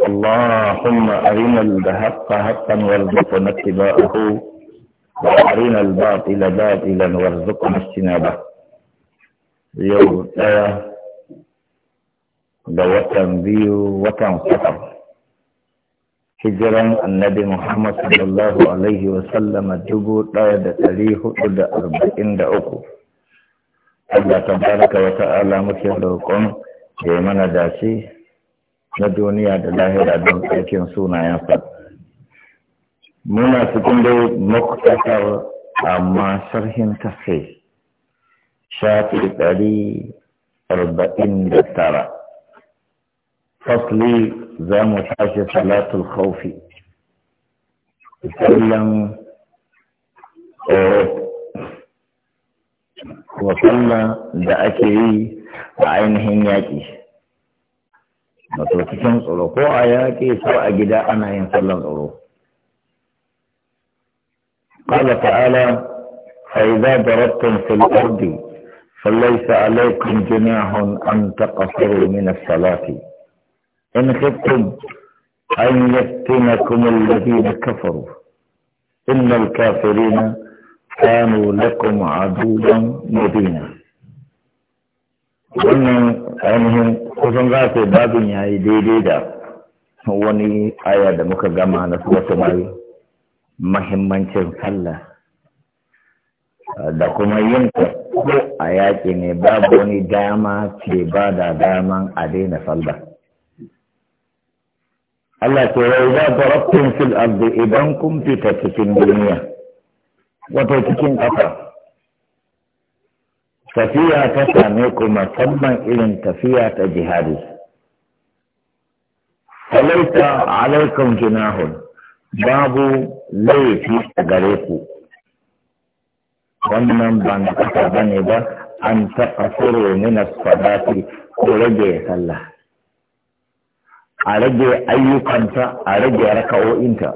اللهم أرنا الحق حقا وارزقنا اتباعه وأرنا الباطل باطلا وارزقنا اجتنابه يوم دوتن بيو وطن سفر هجرا النبي محمد صلى الله عليه وسلم جبور دايد تليه ودى أربعين دعوكو الله تبارك وتعالى مكيه لكم يمنى داسي na duniya da lahira don sunayen sa muna cikin dai muktasar amma sharhin ta sai shafi ɗari arba'in da tara fasli za mu tashi salatul khawfi sallan tsoro wa sallan da ake yi a ainihin yaƙi wato cikin tsoro ko a yaƙi ko a gida ana yin sallan tsoro قال تعالى فإذا ضربتم في الأرض فليس عليكم جناح أن تقصروا من الصلاة إن خفتم أن يفتنكم الذين كفروا إن الكافرين كانوا لكم عدوا مبينا wannan ainihin kusan za babu babin ya yi daidai da wani aya da muka gama na wasu mai mahimmancin sallah da kuma yin ko a yaƙi ne babu wani dama ce ba da daman a daina sallah Allah ce wai za ta rabtun fil ardi idan kun fita cikin duniya wato cikin ƙasa tafiya ta same ku musamman irin tafiya ta jihadi a alaikum jinahun babu laifi a gare ku wannan ban kasa ba ne ba an taɓa tsoro nuna sadati ko rage sallah a rage ayyukanta a rage raka'o'inta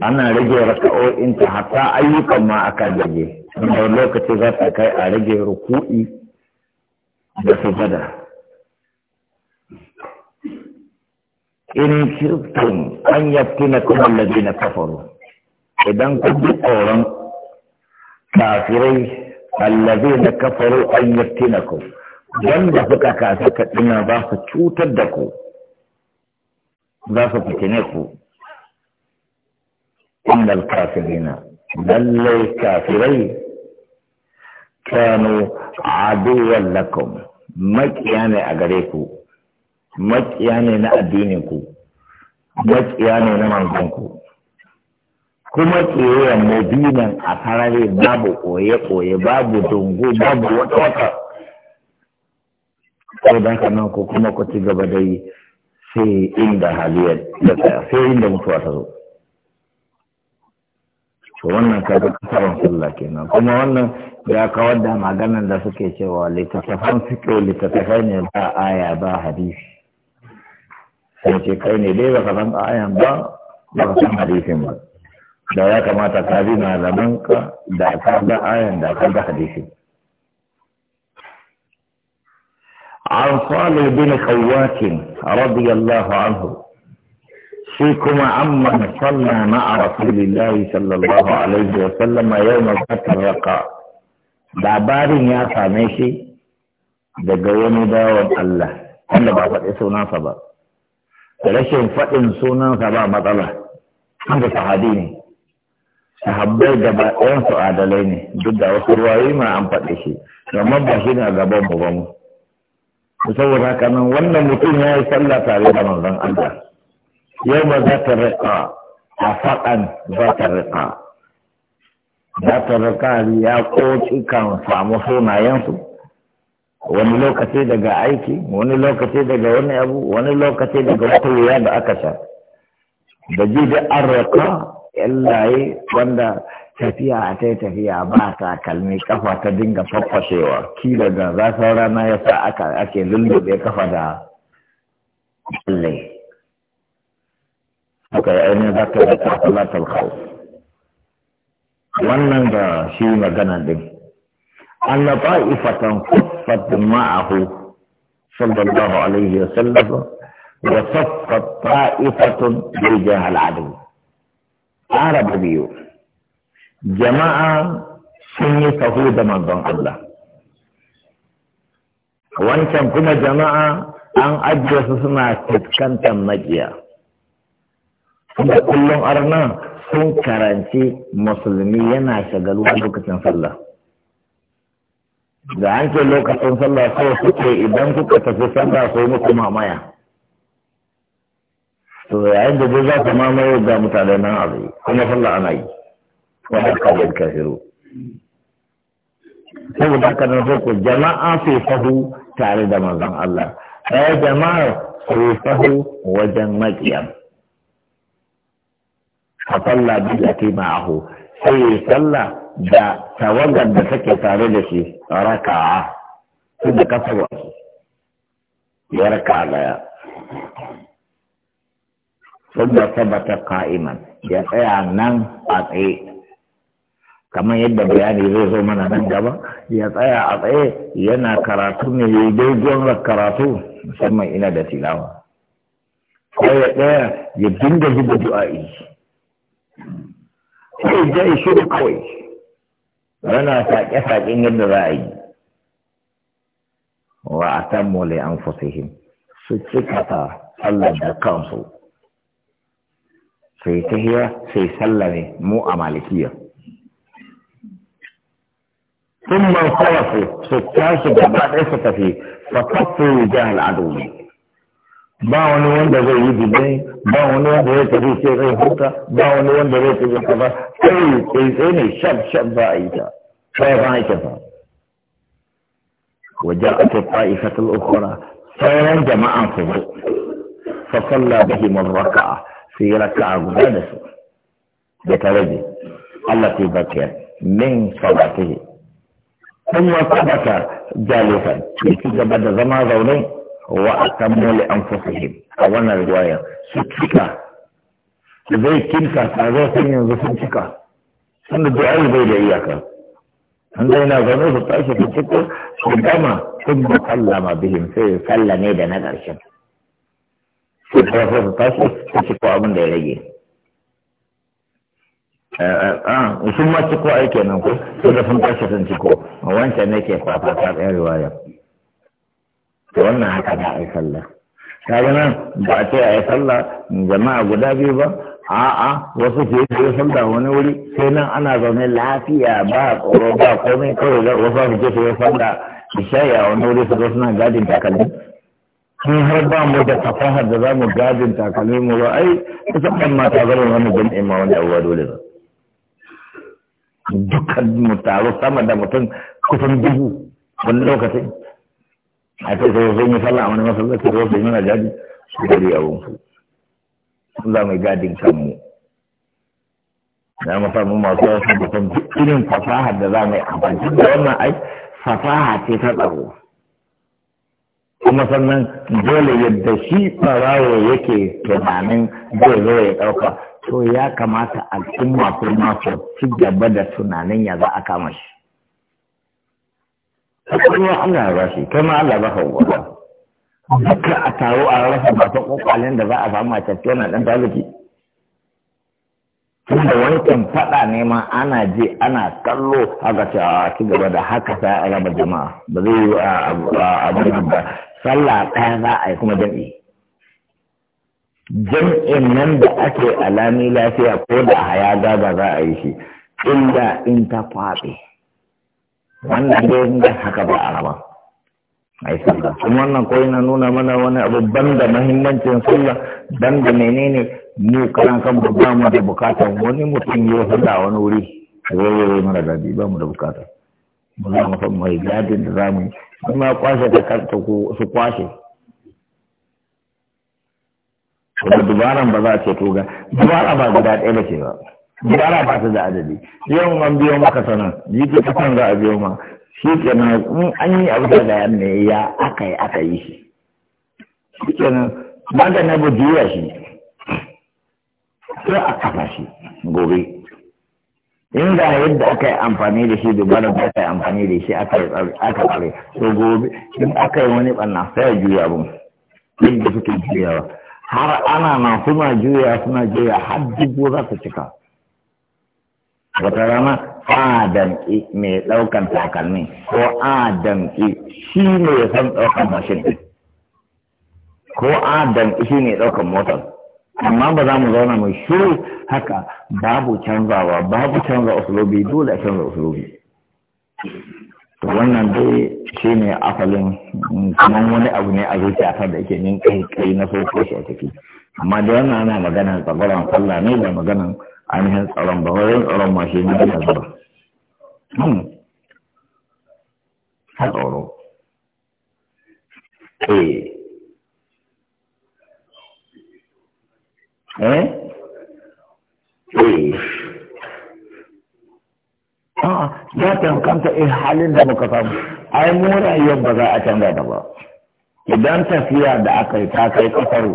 ana rage raka'o'inta hatta ayyukan ma aka rage da lokaci za ta kai a rage ruku'i da sujada in kirtum an yaftina kuma na kafaru idan ku bi tsoron kafirai na kafaru an yaftina ku wanda suka kasa kaɗina ba su cutar da ku za su fitine ku illal kafirina lallai kafirai kanu aduwan lakum maƙiya ne a gare ku maƙiya ne na addinin ku maƙiya ne na manzon ku kuma kewayen madina a farare babu koye-koye babu dongo babu wata-wata sai da haka nan ku kuma ku ci gaba dai sai inda haliyar da sai inda mutuwa ta zo to wannan kaga kasaran sallah kenan kuma wannan ya kawar da maganar da suke cewa littattafan fito littattafai ne ba aya ba hadisi sai ce kai ne dai baka san ayan ba baka san hadisin ba da ya kamata ka bi malaman ka da ka ga ayan da ka ga hadisin عن صالح بن خوات رضي الله عنه فيكما عمن صلى مع رسول الله صلى الله عليه وسلم يوم الرقاء labarin ya same shi daga wani bawan Allah wanda ba faɗi sunansa ba rashin faɗin sunansa ba matsala da sahabi sahabbai gaba ɗayansu adalai ne duk da wasu ruwayoyi ma an faɗi shi domin ba shi ne a gaban mu ba mu saboda haka nan wannan mutum ya yi sallah tare da manzon Allah yau ma za ta riƙa a za ta riƙa za ta riƙa ya koci kan samu sunayensu wani lokaci daga aiki wani lokaci daga wani abu wani lokaci daga wuya da aka sha da ji da an riƙa yallaye wanda tafiya a ta tafiya ba ta kalmi kafa ta dinga faffashewa kila da za rana ya sa ake lullube kafa da lallai وكأن ذكرت صلاة الخوف wannan da shi magana din anna ta'ifatan kuffat ma'ahu sallallahu alaihi wa sallam wa saffat ta'ifatun bi jahal adu arab biyu jama'a sun yi sahu da manzon Allah wancan kuma jama'a an ajiye su suna fuskantar majiya da kullum arna sun karanci musulmi yana shagalu a lokacin sallah da an ce lokacin sallah sai suke idan kuka tafi sallah sai muku mamaya to yayin da zai za ta mamaye ga mutane nan a zai kuma sallah ana yi wadda kawai kafiru saboda haka nan sai jama'a sai sahu tare da manzon Allah ɗaya jama'a sai sahu wajen maƙiyar fa salla billati ma'ahu sai ya sallah da tawagar da take tare da shi raka'a su da kasarwa ya raka daya sun da sabata ka'iman ya tsaya nan a tsaye kamar yadda bayani zai zo mana nan gaba ya tsaya a tsaye yana karatu ne ya yi dogon karatu musamman ina da tilawa ko ya tsaya ya dinga zuba du'a'i sai zai shiru kawai rana saƙe-saƙen yadda za a yi wa a tammo mole an fusihim su cikata sallar da kansu sai ta hira sai sallame mu a malikiya sun man sarrafa su tashi gaba ɗaya su tafi fa kafu jihar adomi ba wani wanda zai yi bidai ba wani wanda zai tafi sai zai huta ba wani wanda zai tafi kaza sai sai sai ne shab shab za a yi ta sai ba ake fa وجاءت الطائفة الأخرى سيرا جماعة فضل فصلى بهم الركعة في ركعة غدانس بترجي التي بكيت من صلاته ثم ثبت جالسا يتجب زمان زونين واتموا لانفسهم اولا روايه ستفكا زي كنسا زي كنسا زي كنسا سنة دعاء زي لعياكا عندنا غنوز الطائشة في الشكو شدما ثم سلم بهم في سلة نيدا نظر شم في غنوز الطائشة آه، آه، آه، في الشكو عمان دي لعي اه وثم الشكو ايكي نمكو سنة فنطاشة في الشكو وانسى نيكي قواتا كار اي روايه to wannan haka za a yi sallah kaga nan ba a ce a yi sallah jama'a guda biyu ba a'a wasu ke yi sallah wani wuri sai nan ana zaune lafiya ba tsoro ba komai kawai da wasu su ke su yi sallah a wani wuri su suna gadin takalmi sun har ba mu da tafahar da za mu gadin takalmi mu ba ai musamman mata zama wani jami'in ma wani abuwa dole ba dukkan mu taro sama da mutum kusan dubu wani lokacin a ce sai zan yi sallah a wani masallaci ko sai mana gadi su gari abun su Allah mai gadin kanmu na mu masu wasu da san irin fasahar da za mu yi amfani da wannan ai fasaha ce ta tsaro kuma sannan dole yadda shi ɓarawo yake tunanin zai zo ya ɗauka to ya kamata al'umma kuma su ci gaba da tunanin ya za a kama shi ruwa Allah ya bashi kai ma Allah baka gwada duka a taro a rasa ba ta kokwalin da za a samu a tafiya na dan taliki tunda wankan faɗa ne ma ana je ana kallo haka ce a ah, ci gaba da haka sai a raba jama'a ba zai yi abin ba sallah ɗaya za a yi kuma jam'i jam'in nan da ake alami lafiya ko da haya gaba za a yi shi illa in ta faɗi wannan dai da haka ba a raba ai sallah kuma wannan ko yana nuna mana wani abu ban da mahimmancin sallah ban da menene mu karan kan ba mu da bukata wani mutum ya sallah wani wuri zai mana dadi ba mu da bukata mu za mu san mai gadin da zamu yi kuma kwashe ta karta ko su kwashe kuma dubaran ba za a ce to ga dubara ba guda ɗaya ba ce ba gyara ba ta da adadi yau man biyo maka sanan jiki san za a biyo ma shi kenan in an yi abu da yan ne ya aka yi aka yi shi shi kenan ba da na bujiya shi sai a kafa shi gobe in yadda aka yi amfani da shi dubara da aka yi amfani da shi aka tsare to gobe in aka yi wani bana sai a juya bin yadda suke juyawa har ana na suna juya suna juya har dubu za su cika wata rana a damƙi mai ɗaukan takalmin ko a damƙi shi ne ya san ɗaukan mashin ko a damƙi shi ne ɗaukan motar amma ba za mu zauna mai shiru haka babu canzawa babu canza usulobi dole a canza usulobi to wannan dai shi ne asalin mm, kamar wani abu ne a zuciya ta da yake nin kai kai na farko shi a ciki amma da wannan ana maganar tsagwaron sallah ne da maganar ainihin tsaron ba wurin tsaron ma shi ne da zuwa ha hmm. tsoro eh eh eh a'a ah, ya tankanta eh halin da muka samu ai mu rayuwar ba za a canza da ba idan tafiya da aka yi ta kai kafaru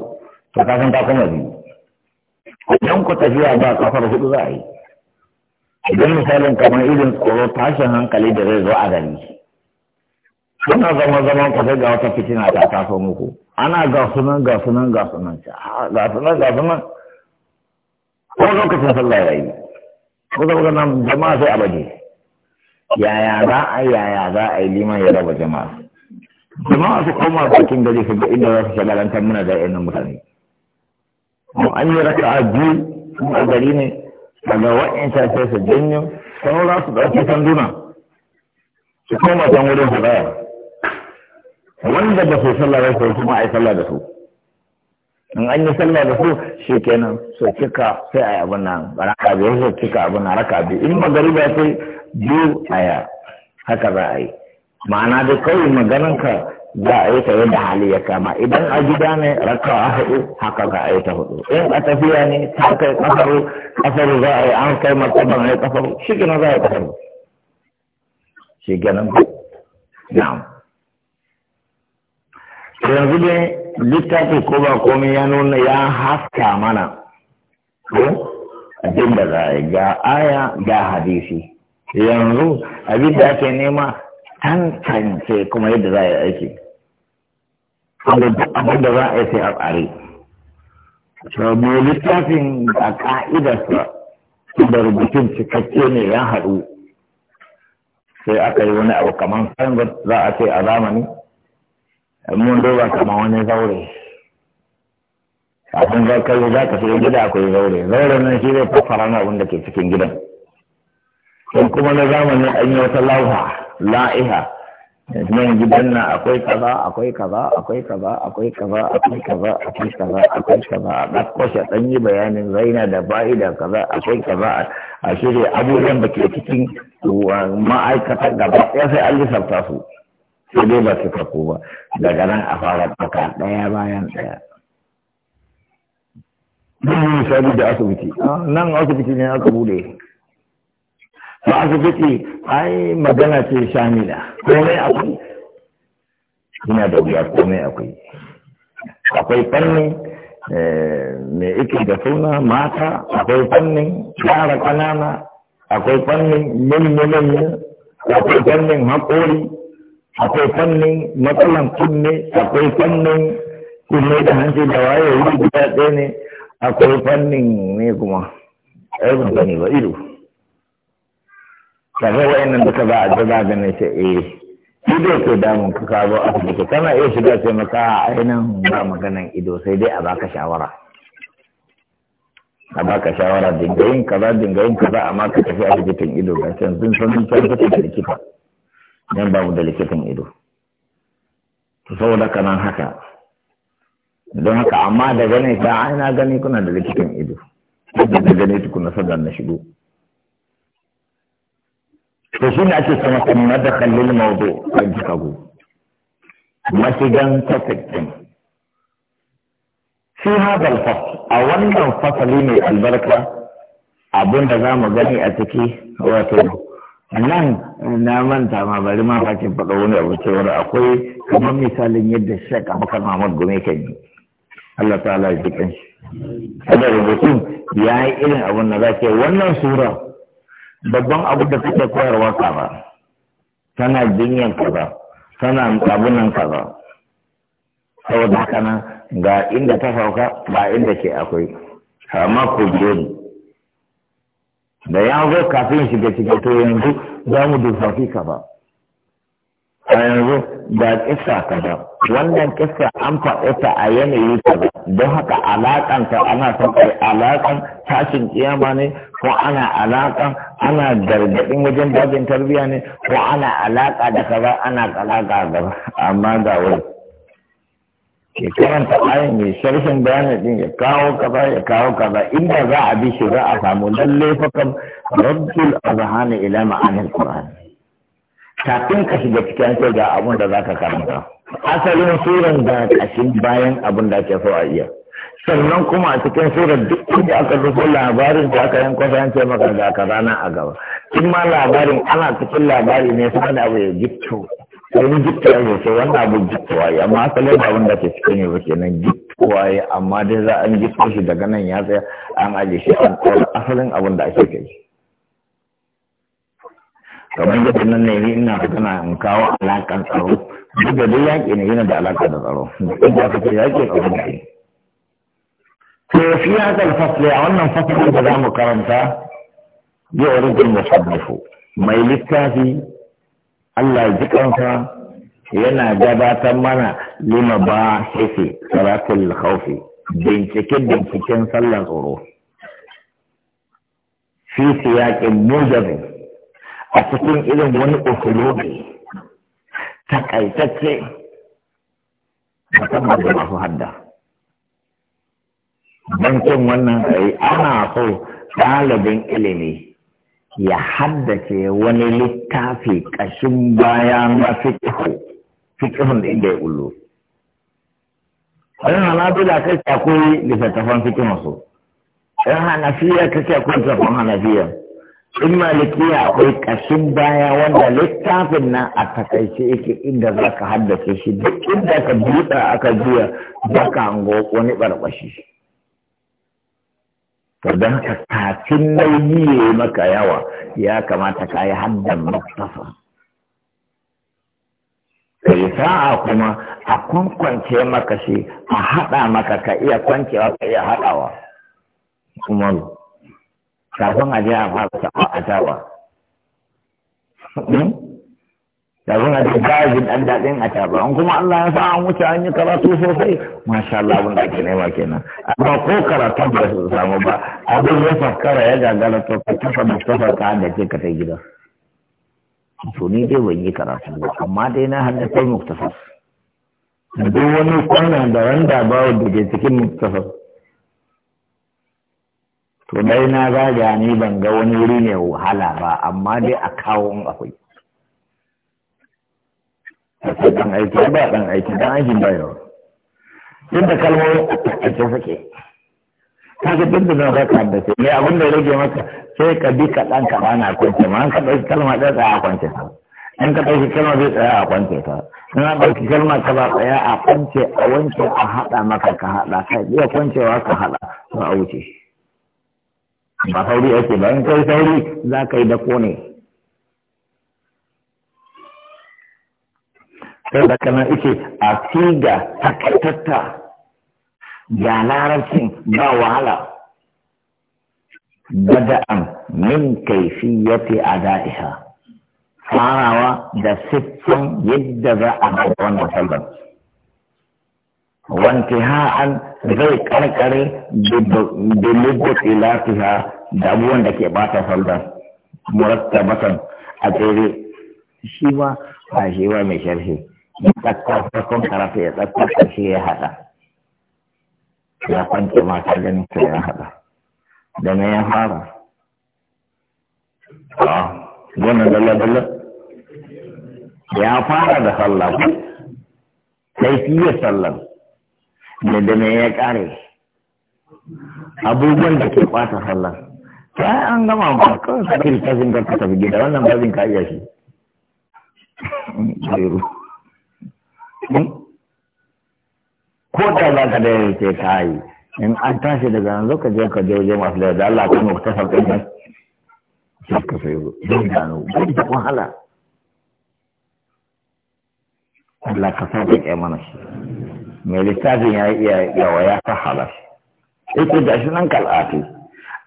to ka san ta kuma biyu idan ku tafiya ba kafar hudu za a yi idan misalin kamar irin tsoro tashin hankali da zai zo a gari kuna zama zaman ku sai ga wata fitina ta taso muku ana ga sunan ga sunan ga sunan ah, ga sunan ga sunan ko lokacin sallah ya yi ko zama nan jama'a sai a baje yaya za a yaya za a yi liman ya raba jama'a jama'a su koma bakin gari su ga inda za su shagalantar muna da yanar mutane mu an yi raka'a biyu kuma a gari ne daga wa'insa sai su janyo za su ɗauki sanduna su koma can wurin hadaya wanda ba su sallah ba su kuma a yi sallah da su in an yi sallah da su shi kenan su cika sai a yi abin nan raka biyu su cika abin nan raka biyu in ba sai biyu a haka za a yi ma'ana dai kawai maganan ka za a yi ta yadda hali ya kama idan a gida ne raka a hudu haka ga a yi ta hudu in a tafiya ne ta kai kasaru kasaru za a yi an kai martaban a yi kasaru shi gina za a yi kasaru shi gina na'am yanzu ne littafi ko ba komai ya nuna ya haska mana ko abin da za a yi ga aya ga hadisi yanzu abin da ake nema tantance kuma yadda za a yi aiki wanda duk abin da za a yi sai a tsare to me littafin a ka'idarsa da rubutun cikakke ne ya haɗu sai aka yi wani abu kamar sangot za a ce a zamani mun duba kamar wani zaure kafin za ka za ka shiga gida akwai zaure zaure nan shi zai fassara na abin da ke cikin gidan in kuma na zamani an yi wata lauha la'iha nan gidan nan akwai kaza akwai kaza akwai kaza akwai kaza akwai kaza akwai kaza akwai kaza a ɗauko shi ɗan yi bayanin zaina da fa'ida kaza akwai kaza a shirya abubuwan da ke cikin ma'aikatar gaba ɗaya sai an lissafta su sai dai ba su kako ba daga nan a fara ɗauka ɗaya bayan ɗaya. Mun yi misali da asibiti, nan asibiti ne aka bude ba fiti ai magana ce shamila komai akwai ina da wuya komai akwai akwai fannin eh, mai ike da suna mata akwai fannin yara ƙanana akwai fannin manya-manya akwai fannin haƙori akwai fannin matsalan kunne akwai fannin kunne da hanci da waye wuri guda ɗaya ne akwai fannin ne kuma ɗaya ban sani ba ido ka wa wa'annan duka ba a za ga ne ce eh shi dai ke damun ka ka zo cikin kana iya shiga ce maka a ainihin ba maganan ido sai dai a baka shawara a baka shawara dingayin yin kaza dingayin yin kaza amma ka tafi cikin ido ga can sun san can kake da likita dan ba mu da likitan ido to saboda kanan haka don haka amma da gane ka ai na gani kuna da likitan ido da gane tukuna sannan na shigo to shi ne ake sama kan madakal lil mawdu a kago mashigan topic din fi ha al a wannan fasali mai albarka abinda za mu gani a ciki wato nan na manta ma bari ma fakin faɗa wani abu cewar akwai kamar misalin yadda shek abubakar mahmud gome kan yi Allah ta'ala ya ji kan shi. Kada rubutun ya yi irin abin da za ke wannan sura babban abu da suke koyarwa kaba, tana jinyan ba tana abunan kaza saboda haka nan ga inda ta sauka ba inda ke akwai amma ku je ni da ya zo kafin shiga cikin to yanzu za mu dufafi kaba. a yanzu kisa ka ba wannan kisa an faɗe ta a yanayi ba don haka alaƙan ta ana son kai alaƙan tashin kiyama ne ko ana alaƙan ana gargaɗin wajen dajin tarbiyya ne ko ana alaƙa da kaza ana alaƙa da amma ga wani ke karanta ayin mai sharhin bayanin din ya kawo kaza ya kawo kaza inda za a bi shi za a samu lallai fakam rabbul azhani ila ma'anil qur'ani kafin ka shiga cikin sai ga abun da zaka karanta asalin suran da kashin bayan abun da ake so a iya sannan kuma a cikin surar duk inda aka rufe labarin da aka yanko sai ce maka ga ka rana a gaba in ma labarin ana cikin labari ne sai da abu ya gitto wani gitto ya ce wannan abu gittowa ya amma asalin abun da ke cikin yau nan gittowa ya amma dai za an gitto shi daga nan ya tsaya an aje shi an asalin abun da ake kai kamar yadda nan ne ina tana in kawo alaƙar tsaro duk da dai yaƙi ne yana da alaƙa da tsaro duk da kake ce yaƙi tsaro ne to fi haka fasle a wannan fasle da zamu karanta ya da musabbafu mai littafi Allah ji kansa yana gabatar mana lima ba hefe salatul khawfi bincike binciken sallar tsoro fi siyaƙin mujabin a cikin irin wani ofilobi ta musamman da masu hadda don cin wannan kai ana so ɗalibin ilimi ya haddace wani littafi ƙashin baya na fikihu fikihun da inda ya ullo ɗan hanabila kai akwai littattafan fikihun su ɗan hanafiya kake akwai littattafan hanafiya in malikiya akwai kashin baya wanda littafin nan a takaice yake inda za ka haddace shi duk inda ka buɗa aka juya za ka hango wani ɓarɓashi. to don ka kafin nauyi ya yi maka yawa ya kamata ka yi haddan mustafa kai sa'a kuma a kwankwance maka shi a haɗa maka ka iya kwancewa ka iya haɗawa umaru kafin a je a fasa a tawa hmm? kafin a ba gajin ɗan daɗin a taba, an kuma Allah ya sa an wuce an yi karatu sosai masha Allah abin da ake nema kenan amma ko karatun ba su samu ba abin ya fakara ya gagara to ka tafa da tafa ka da ce ka ta gida to ni dai ban yi karatu ba amma dai na haddasa muktasar duk wani kwanan da wanda bawa da ke cikin muktasar to dai na gaga ni ban ga wani wuri ne wahala ba amma dai a kawo in akwai dan aiki ba dan aiki dan aiki ba yawa yadda kalmomin a suke ka ga duk da zan raka da sai ne abin da rage maka sai ka bi ka dan ka bana kwance ma an ka dauki kalma da za a kwance ka an ka dauki kalma zai tsaya a kwance ka na an dauki kalma ka ba tsaya a kwance a wanke a hada maka ka hada ka iya kwancewa ka hada to a wuce ba sauri ake ba in kai sauri za ka yi dako ne sai da kana ice a figa takaitatta ga larabcin ba wahala bada'an min kaifiyati ada'iha farawa da siffan yadda za a ba wannan sallar wantiha'an zai karkare da lubbat ilatiha da abubuwan da ke bata sallar murattabatan a tsere shi ma ba shi ba mai sharhi ya tsakka farkon karafe ya tsakka karshe ya haɗa ya kwanke mata ganin ta ya haɗa da na ya fara a gona dalla-dalla ya fara da sallah sai fiye ya da da na ya kare. abubuwan da ke bata sallah ta an gama ba kawai ka ɗauki littafin ka ka tafi gida wannan babin ka iya shi hmm? ko da za ka dai ce ka yi in an tashi daga nan zo ka je ka je wajen masu da Allah ka ta sauƙin nan sai ka sayo don gano don da wahala Allah ka sa ka ƙyama na shi mai littafin ya iya yawa ya ta shi ita da shi nan kal'atu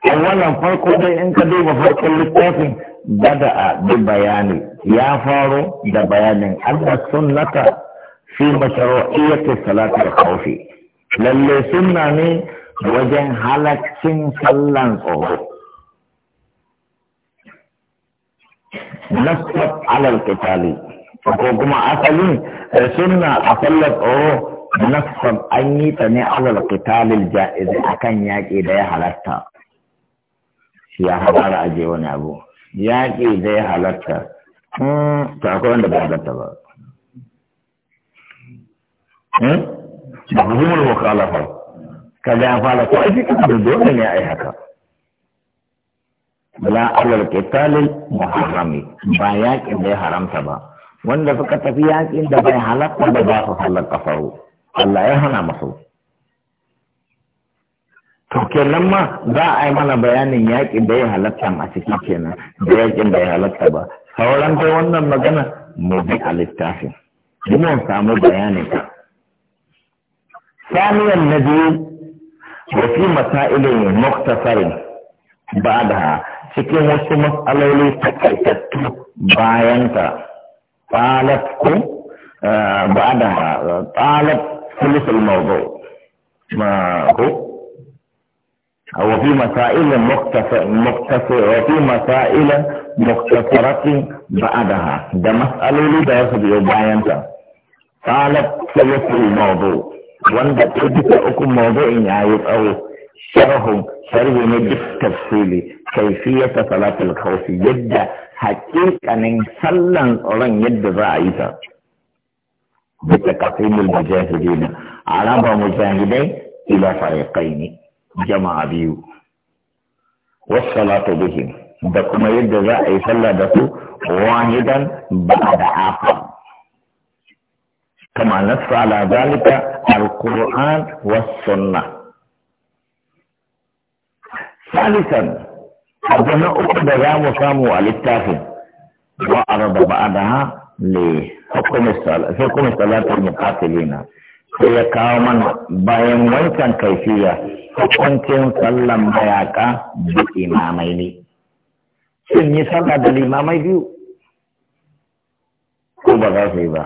أولا فرق دي إنك دي وفرق للتافي بدأ ببيان يا فارو دا بيان أن السنة في مشروعية صلاة الخوف للي سنة ني وجن حالك سن صلى نصت على القتال فكما أصلي سنة أصلت أو نصت أني تني على القتال الجائز أكن ياكي ده حالتها ya haɗa aje wani abu ya yaƙi zai halatta hmm, ta akwai wanda ba halatta ba hmm? ba ku zumar mukhalafa ka ga ya fara ko aiki kan da dole ne ai haka bala alal qitalil muharrami ba ya da ya haramta ba wanda suka tafi yaƙin da bai halatta ba za su halaka faru Allah ya hana masu to kenan ma za a yi mana bayanin yaƙin da ya halatta a ciki kenan da yaƙin da ya halatta ba sauran dai wannan magana mu bi a littafin mun samu bayanin ka saniyan na biyu da fi masailin muktasarin da cikin wasu ta takaitattu bayan ta talat eh, ba da talat sulusul mawdu ma ku? أو في مسائل مختصرة وفي مسائل مختصرة بعدها ده مسألة لي ده يصبح باينتا قالت سيف الموضوع وانت تدك اكم موضوعين عايز او شرح شرح ندك تفصيلي كيفية صلاة الخوف جدا حقيقة ان سلن اوران يد رأيتا بتقسيم المجاهدين على مجاهدين الى فريقين jama'a biyu wassalatu bihim da kuma yadda za a yi sallah da su wahidan ba'da afa kama nassa ala zalika alquran was sunnah salisan abu na uku da za mu samu a littafin wa arada ba'daha li hukumi salatul muqatilina sai ya kawo mana bayan wancan kaifiya hukuncin sallan mayaka da imamai ne sun yi sallah da limamai biyu ko ba za su yi ba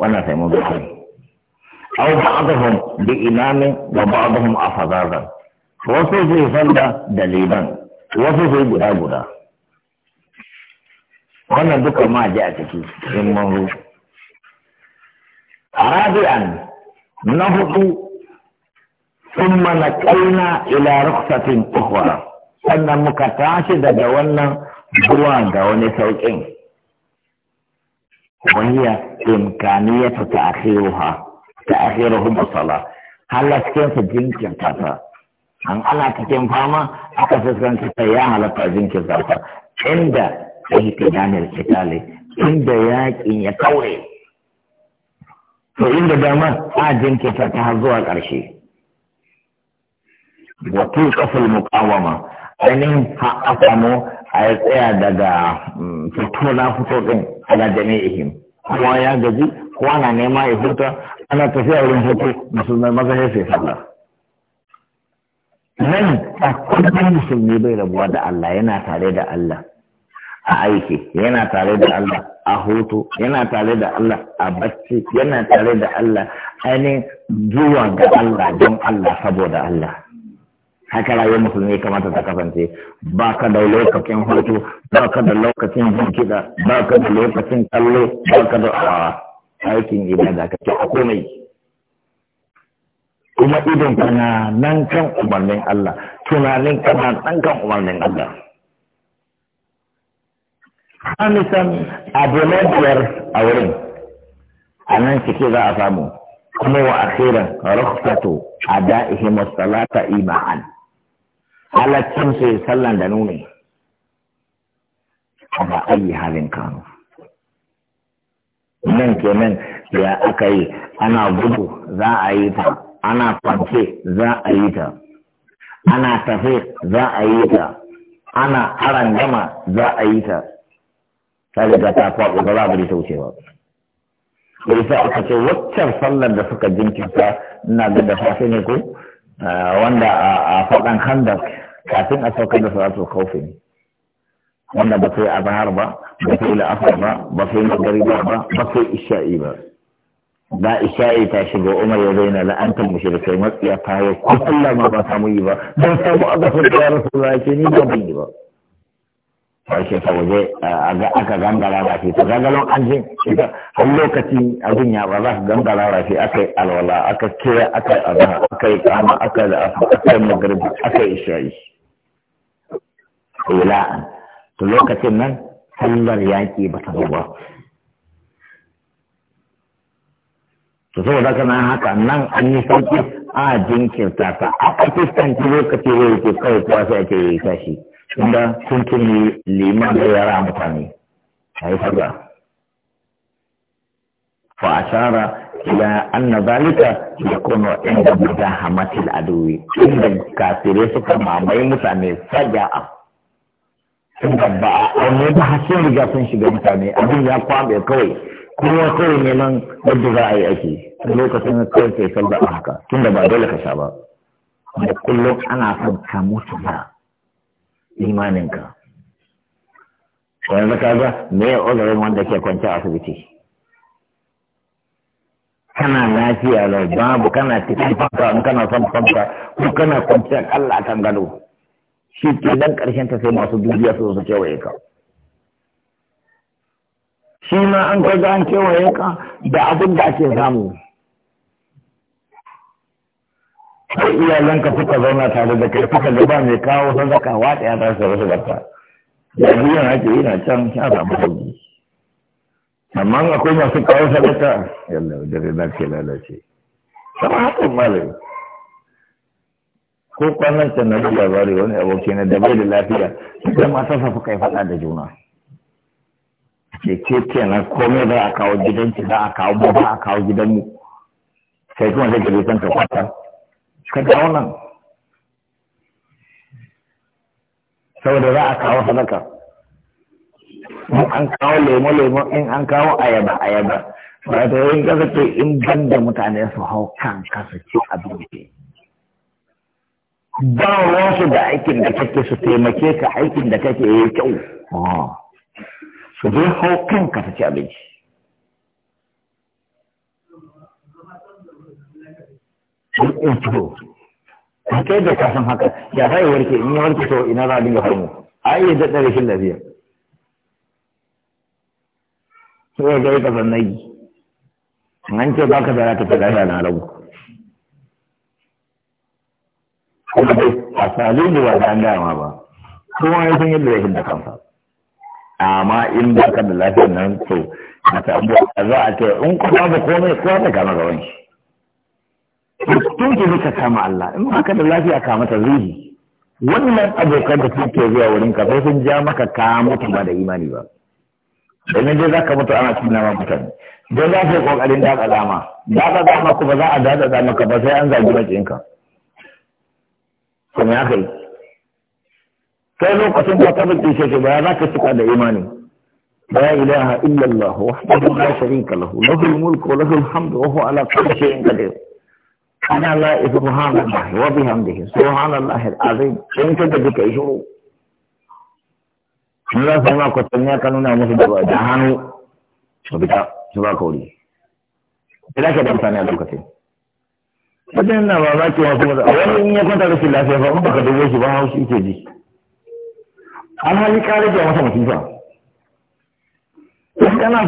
wannan sai mun bayani aw ba'dahum bi imamin zafin a fazazan. wasu su yi sallah da liban, wasu su yi guda guda wannan duka ma ji a ciki in mun rufe A Rabi'an na hudu in mana kalna ila rufe fim Wannan muka tashi daga wannan ruwa ga wani sauƙin. Wai ya ƙin kano ya taƙerar huɗu Sala. Halarci ya fi jinkin tasa. An ana takan fama, aka fi son kisa ya halarci jinkin tasa. Inda ya yi ta Daniel Kitali, inda ya ƙin ya sauri. to inda dama a jinkirta ta har zuwa ƙarshe wato kafin mukawama ainihin ha a samu a ya tsaya daga mm, fito na fito ɗin ala jami'ihim kowa ya gaji kowa na nema ya huta ana tafiya wurin hoto musulmai maza ya sai sallah nan a kullum musulmi bai rabuwa da Allah yana tare da Allah a aiki yana tare da Allah a hutu yana tare da Allah a bacci yana tare da Allah ainihin zuwa ga Allah don Allah saboda Allah haka rayuwar musulmi kamata ta kasance ba ka da lokacin hutu ba ka da lokacin jin kiɗa ba ka da lokacin kallo ba ka da awa aikin ibada ka ce a komai kuma idan kana nan kan umarnin Allah tunanin kana nan kan umarnin Allah hamisan abu na biyar a wurin a nan cike za a samu kuma wa akhiran rukhsatu adaihi musallata ima'an halaccin su sallan da nuni ala ayi halin kanu nan kenan ya aka yi ana gudu za a yi ta ana fanke za a yi ta ana tafe za a yi ta ana arangama za a yi ta ta riga ta faɗo ba za mu ta wuce da isa aka ce waccan sallar da suka jinkirta ina ga da safe ne ko ah, wanda a faɗan handak kafin a saukar da salatu kaufi ne wanda ba sai azhar ba ba sai la'asar ba ba sai ba ba sai isha'i ba da isha'i ta shiga umar ya zaina la'antar mushrikai matsiya ta yi kullum ma ba samu yi ba don samu azafin da ya rasu zaki ni ba ban yi ba harshe ta waje aka gangara rafi ta gangalon an jin har lokaci abin ya ba za ka gangara rafi aka yi alwala aka kira aka yi azana aka yi kama aka yi la'afa aka yi magarbi aka yi shayi ila'an to lokacin nan sallar yaƙi ba ta ba to saboda haka nan haka nan an yi sauki a jinkirta ta a kasance lokaci zai ke kawai kuwa sai ake yi tashi tunda sun tuni liman da yara mutane a yi fada fa ashara ila anna zalika yakunu inda hamatil aduwi inda kafire suka mamaye mutane faja'a inda ba a aune ba har riga sun shiga mutane abin ya kwabe kawai kuma kawai neman wadda za a yi ake lokacin kawai sai a haka tunda ba dole ka sha ba da kullum ana son ka mutu ba imaninka yanzu ka ga me ya uzurin wanda ke kwanci asibiti kana lafiya lau babu kana cikin fanka in kana son fanka ko kana kwanci kalla a kan gado shi ke dan karshen ta sai masu dubiya su su kewaye ka shi ma an ga an kewaye ka da abin da ake samu sai ka suka zauna tare da kai suka gaba mai kawo sadaka watsa ya tashi da wasu barka da biyan ake yi yana can ya samu sauki amma akwai masu kawo sadaka yalla da rina ke lalace sama hakan malami ko kwanan can na labari wani aboki na dabai da lafiya sai mata sa suka yi faɗa da juna ke ke kenan komai za a kawo gidanki za a kawo mu za a kawo gidanmu sai kuma sai ka je kanka ka kwata ka dawo saboda za a kawo sadaka in an kawo lemo lemo in an kawo ayaba ayaba ba ta yi kasa in ban da mutane su hau kan kasa ce abinci ba wasu da aikin da kake su taimake ka aikin da kake yi kyau ah. su zai hau kan kasa ce abinci to a kai da kasan haka ya za yi warke in yi warke to ina za a dinga harmu a iya daɗa shi lafiya sai ya gari kasan nai, an ce ba ka da ta ta da na rabu kuma dai a salin da ba da an dama ba kuma ya san yadda rashin da kansa amma in ba ka da lafiyar nan to na ta abuwa za a ce in kuma ba komai kuma ta kama gaban shi tun ki ka kama Allah in ka da lafiya ka mata Wani wannan abokan da suke zuwa wurin ka sai sun ja maka ka mutu ba da imani ba je dai zaka mutu ana cin nama mutane don za su kokarin da alama da ka dama kuma za a dada da maka ba sai an zagi bakinka kuma ya kai kai lokacin da mutu bakin shi ba za ka cika da imani لا إله إلا الله وحده لا شريك له له الملك وله الحمد وهو على كل شيء قدير أنا لا سبحان الله sai ma musu da ba Ina ka da a lokacin. Wajen na ba za ki wasu wani in ya kwanta shi lafiya ba, dubo shi ba haushi ke ji. An hali kana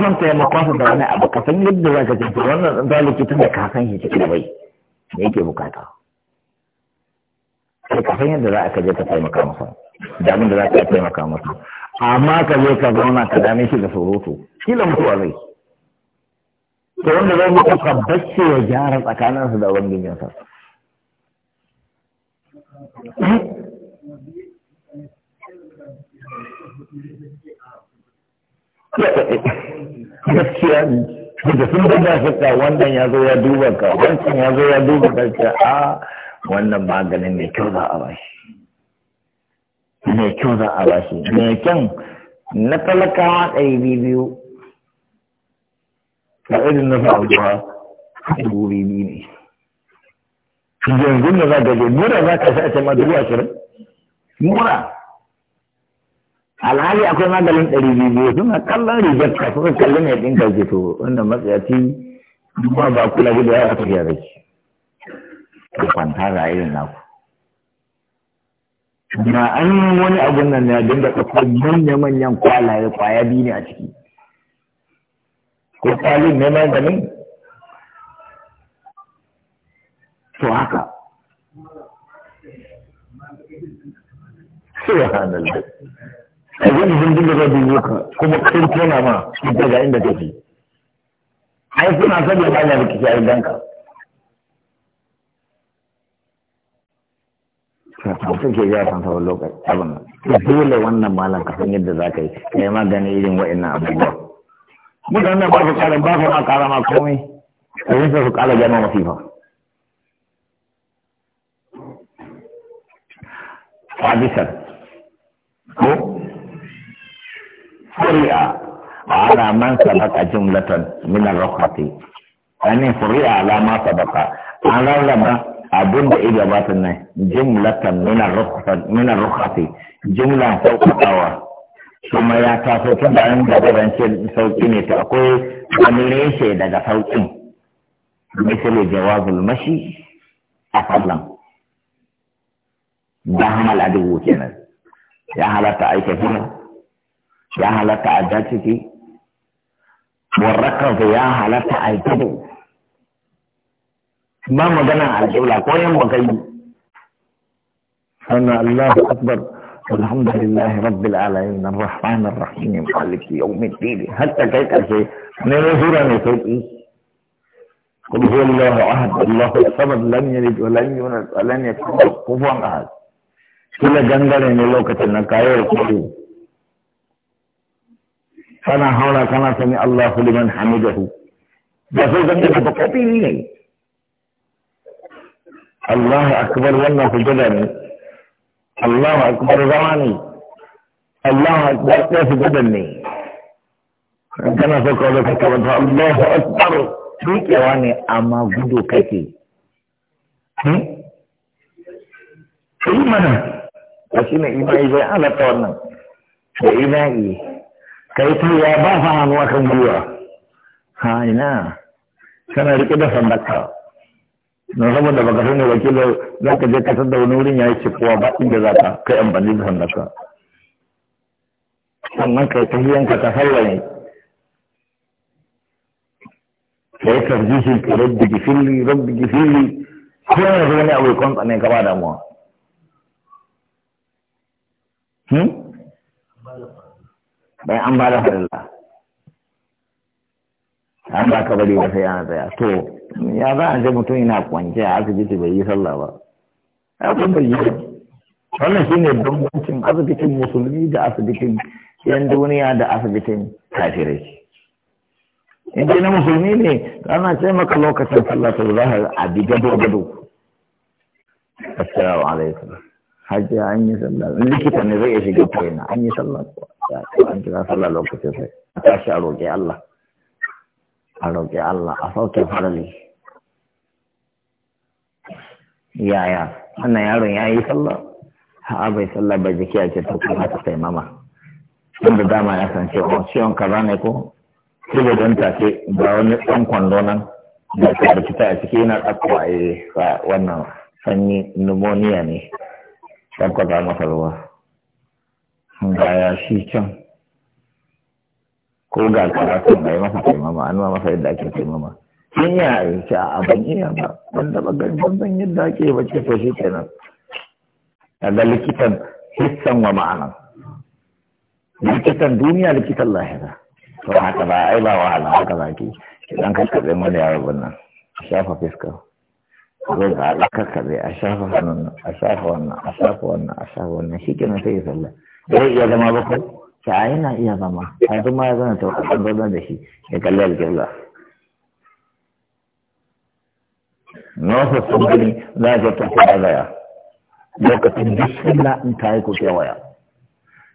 son taimakon su da wani abu, ka san yadda za ka ce, wannan ɗan tun da ka san shi bai. me yake bukata sai ka san yadda za a kaje ka taimaka masa da abin da za ka taimaka masa amma ka je ka zauna ka dame shi da surutu kila mutuwa zai to wanda zai mutu ka bacce wa gyara su da ubangijinsa gaskiya ne da sun gada ka wannan ya zo ya duba ka wancan ya zo ya duba ka ce a wannan maganin mai kyau za a bashi mai kyau za a bashi mai kyan na talakawa ɗari biyu a irin na sa'aduwa dubu biyu ne yanzu da za ka je mura za ka sa ce ma dubu ashirin mura alhali akwai maganin ɗari biyu biyu suna kallon rigar ka suka kalli mai ɗin kai to wannan matsayaci kuma ba kula gida ya fi yare ki Ko kwanta da irin naku na an yi wani abun nan ya dinga ɗauko manya-manyan kwalaye kwaya biyu ne a ciki ko kwalin ne maganin to haka subhanallah a zai izin da zai dubo ka kuma kai tona ma daga inda kake ai kuna sabi ba na rikici a gidanka mutum ke ja san sabon lokaci abin dole wannan malam ka san yadda za ka yi ka yi magani irin wa'annan abubuwa mutanen ba su kare ba su na kara ma komai a yi su kara gama masifa fadisar ko قرئ على من سبق جملة من الرخصة يعني قرئ على ما سبق على لما أبن إجاباتنا جملة من من جملة فوق ثم ya taso tun da an gaba sauki ne ta akwai wani reshe daga saukin misali jawabul mashi a da hamal adu kenan ya halatta aika ya halatta a ja ciki warrakansa ya halatta a gado ba magana alƙibla ko yan baka yi akbar الحمد لله رب العالمين الرحمن الرحيم مالك يوم الدين حتى كي كشي نرزورا نسوكي قل هو الله أحد الله الصمد لن يلد ولن يولد ولن يكن كفوا أحد كل جنجل نلوكة نكاير كله فلا حول كما سمع الله لمن حمده بفضل الله بقبيل لي الله أكبر لنا في بدني الله أكبر زماني الله أكبر لنا في بدني كما فكر لك الله أكبر في كواني أما بدو كتي إيمان وشين إيمان إذا أنا طورنا إيمان إيمان kai ya ba hannu hannuwa kan gwiwa ha ina kana rike da sandaka na saboda baka sani wakilo za ka je kasar da wani wurin ya yi cikowa ba inda za ka kai amfani da sandaka sannan kai ta hiyanka ta sallame ka yi shi ka rabbi gifili rabbi gifili ko ne zo ne abu kon tsane ka ba damuwa hmm? Bayan an ba da farilla an ba ka bari ba yana tsaya to ya za a ce mutum yana kwance a asibiti bai yi sallah ba ya kun bai yi wannan shine bambancin asibitin musulmi da asibitin yan duniya da asibitin kafirai in dai na musulmi ne ana ce maka lokacin sallah ta zaha a bi gado gado assalamu alaikum hajji an yi sallah likita ne zai iya shiga kaina. an yi sallah kuwa an kira sallah lokacin sai a tashi a roƙe Allah a roƙe Allah a sauke farali yaya wannan yaron ya yi sallah ha bai sallah ba jiki ake ta kuma ta sai mama wanda dama ya san cewa ciwon kaza ne ko sai da don take ba wani ɗan kwando nan da ke da fita a ciki yana ɗakuwa a wannan sanyi pneumonia ne ɗan kwaza masa ruwa ga ya shi can ko ga karatun a yi masa taimama an ma masa yadda ake taimama sun yi a yi a ban iya ba ban taɓa ganin ban yadda ake ba ce to shi kenan daga likitan hissan wa ma'ana likitan duniya likitan lahira to haka ba ai ba wahala haka ba ke. idan ka kaɗe mana yaro wannan a shafa fiska. Ko ga alakar kaɗe a shafa hannun a shafa wannan a shafa wannan a shafa wannan shi kenan sai ya sallah zai iya zama ba ko ta yana iya zama a yanzu ma ya zana ta wadanda da shi ya kalli alƙibla nosa sun gani za a tafi ta zaya lokacin duk sallah in ta yi waya. kewaya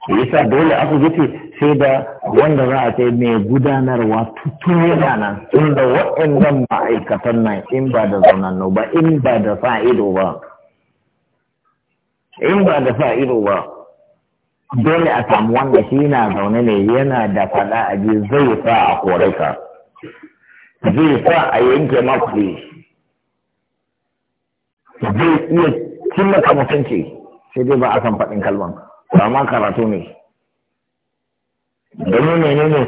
yasa dole aka gace sai da wanda za a ce mai gudanarwa tutun yana nan tun da waɗannan ma'aikatan nan in ba da zaunan ba in ba da sa ido ba in ba da sa ido ba dole a samu wanda shi na zaune ne yana da fada a ji zai sa a kore ka zai sa a yanke makuɗi zai iya cimma ka mutunci sai dai ba a san faɗin kalman ba ma karatu ne domin mene ne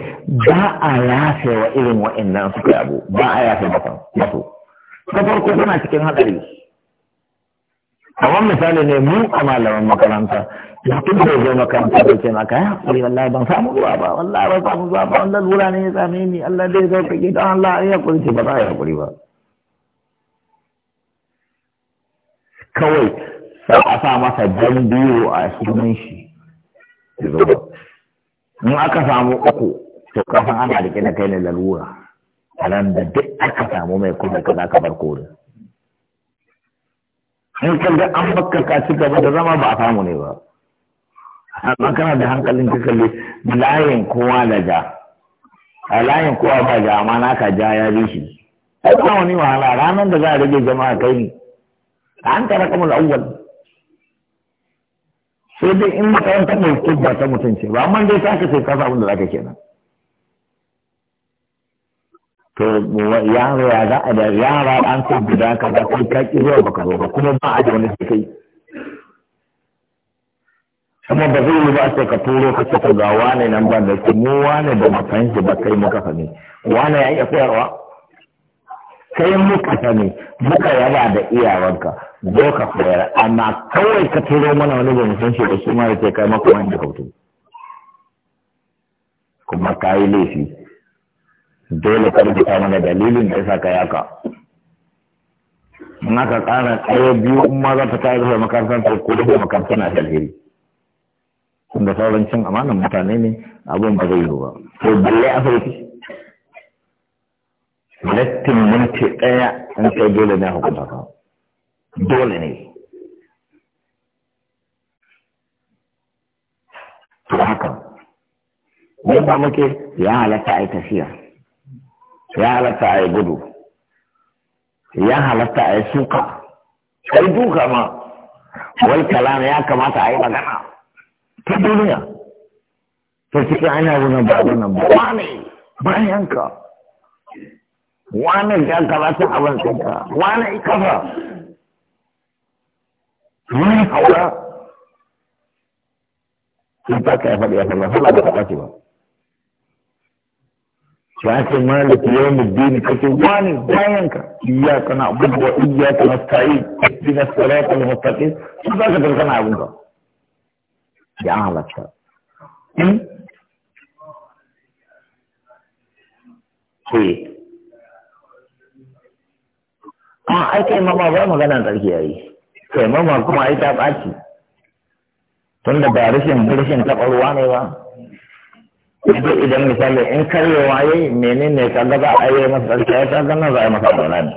ba a yafe wa irin nan suka yabo ba a yafe masu ta farko suna cikin hadari kamar misali ne mu a malaman makaranta ya tun da zai makaranta da ke maka ya hakuri wallahi ban samu zuwa ba wallahi ban samu zuwa ba wannan lura ne ya same ni Allah dai zai kake dan Allah ya hakuri ce ba za a yi hakuri ba kawai sai a sa masa jan biyu a sunan shi in aka samu uku to kasan ana rike da kai ne lalura a nan da duk aka samu mai kuma kaza ka bar korin hankali an baka ka ci gaba da zama ba a samu ne ba amma kana da hankalin ka kalli layin kowa da ja a layin kowa ba ja amma naka ja ya bi shi ai wani wahala ranar da za a rage jama'a kai ne an tara kamar awwal sai dai in makarantar mai tabbata ta mutunce ba amma dai ta ka sai ka samu da zaka kenan to yaro ya za a da yara an ce guda ka ba kai ka ki zuwa baka ba kuma ba a da wani sai kuma ba zai yi ba sai ka turo ka ce ga wane nan ba da ke mu wane da mu san shi ba kai muka sani wane ya iya koyarwa kai muka sani muka yaba da iyawanka zo ka koyar amma kawai ka turo mana wani ba mu san shi ba shi ma ya ce kai maka wani da kautu kuma ka yi laifi dole ka rubuta mana dalilin da yasa ka yaka in aka kara ɗaya biyu in ma za ta kai da makarantar ta ko da makarantar na alheri kun da sauran cin amanan mutane ne abin ba zai yi ba to balle asibiti lattin minti ɗaya in sai dole ne hukunta ka dole ne to haka ne ba muke ya halatta a yi tafiya ya halatta a yi gudu ya halatta a yi suka yi duka ma wal kalam ya kamata a yi magana ta duniya ta cikin an ana wunan ba wunan ba wane bayan ka wane ya kamata abin tsinka wane kafa wane haura sun ta ka ya faɗi ya faɗi ba faɗa ba faɗa ce ba ya ce maliki yau mu dini kake wani bayan ka iya kana abubu wa iya kana sa'i dina sarata da mutaƙi su za ka tarkana abin ka ya halatta Sai, hmm? eh. ah, a aika imama ba magana tsarki yayi, kai mama kuma ai ta ɓaci, tunda ba rashin rashin taɓa ruwa ne ba, yanzu idan misali in karyewa ya mene menene ka ga za a yi masa tsarki ya ta ganin za a yi masa alwala ne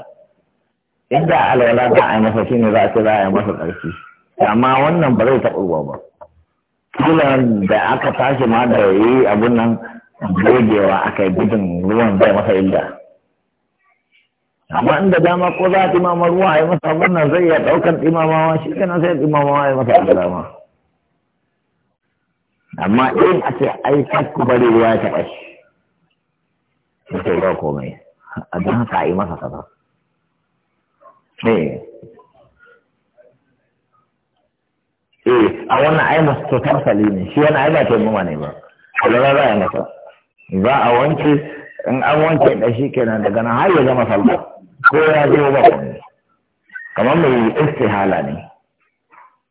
inda alwala za a yi masa shi ne za a ce za a yi masa tsarki amma wannan ba zai taɓa ruwa ba kila da aka tashi ma da yi abun nan gogewa aka yi gudun ruwan zai masa illa amma inda dama ko za a ɗimama ruwa a yi masa abun nan zai iya ɗaukar ɗimamawa shi kenan sai ɗimamawa ya yi masa alwala amma in a ce ai ku bari ruwa ya taɓa shi sai ta ba komai a don haka yi masa kaza ne eh, a wannan ai masu tutar salini shi wani ai ba ta muma ne ba kulura za a masa za a wanke in an wanke da shi kenan daga nan har ya zama sallah ko ya zo ba komai kamar mai istihala ne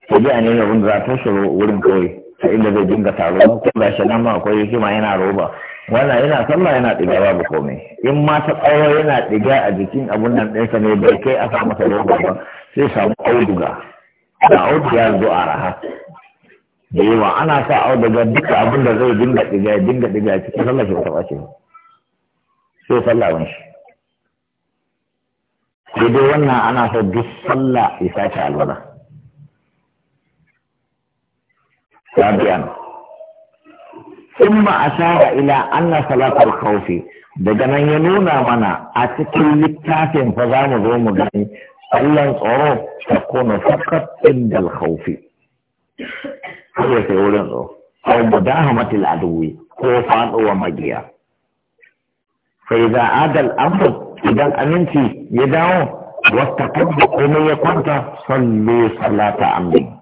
sai dai a ne abin da za ta shiga wurin kawai ta inda zai dinga taro na ko gashi nan ma akwai hikima yana roba wannan yana sallah yana diga babu komai in ma ta tsawo yana diga a jikin abun nan sa ne bai kai samu ta roba ba sai samu auduga da auduga zo a raha da yawa ana sa auduga duka abun da zai dinga diga ya dinga diga cikin sallah shi ta bace sai sallah wani shi sai dai wannan ana sa duk sallah ya sace alwala تابعا ثم أشار إلى أن صلاة الخوف دجنا ينونا منا أتكي لكتاف فضام ذوم جاني صلى الصروف تكون فقط عند الخوف هذا سيقولون أو مداهمة العدو خوفا ومجيا فإذا عاد الأمر إذا أمنتي يدعو واستقبل قومي كنت صلوا صلاة أمني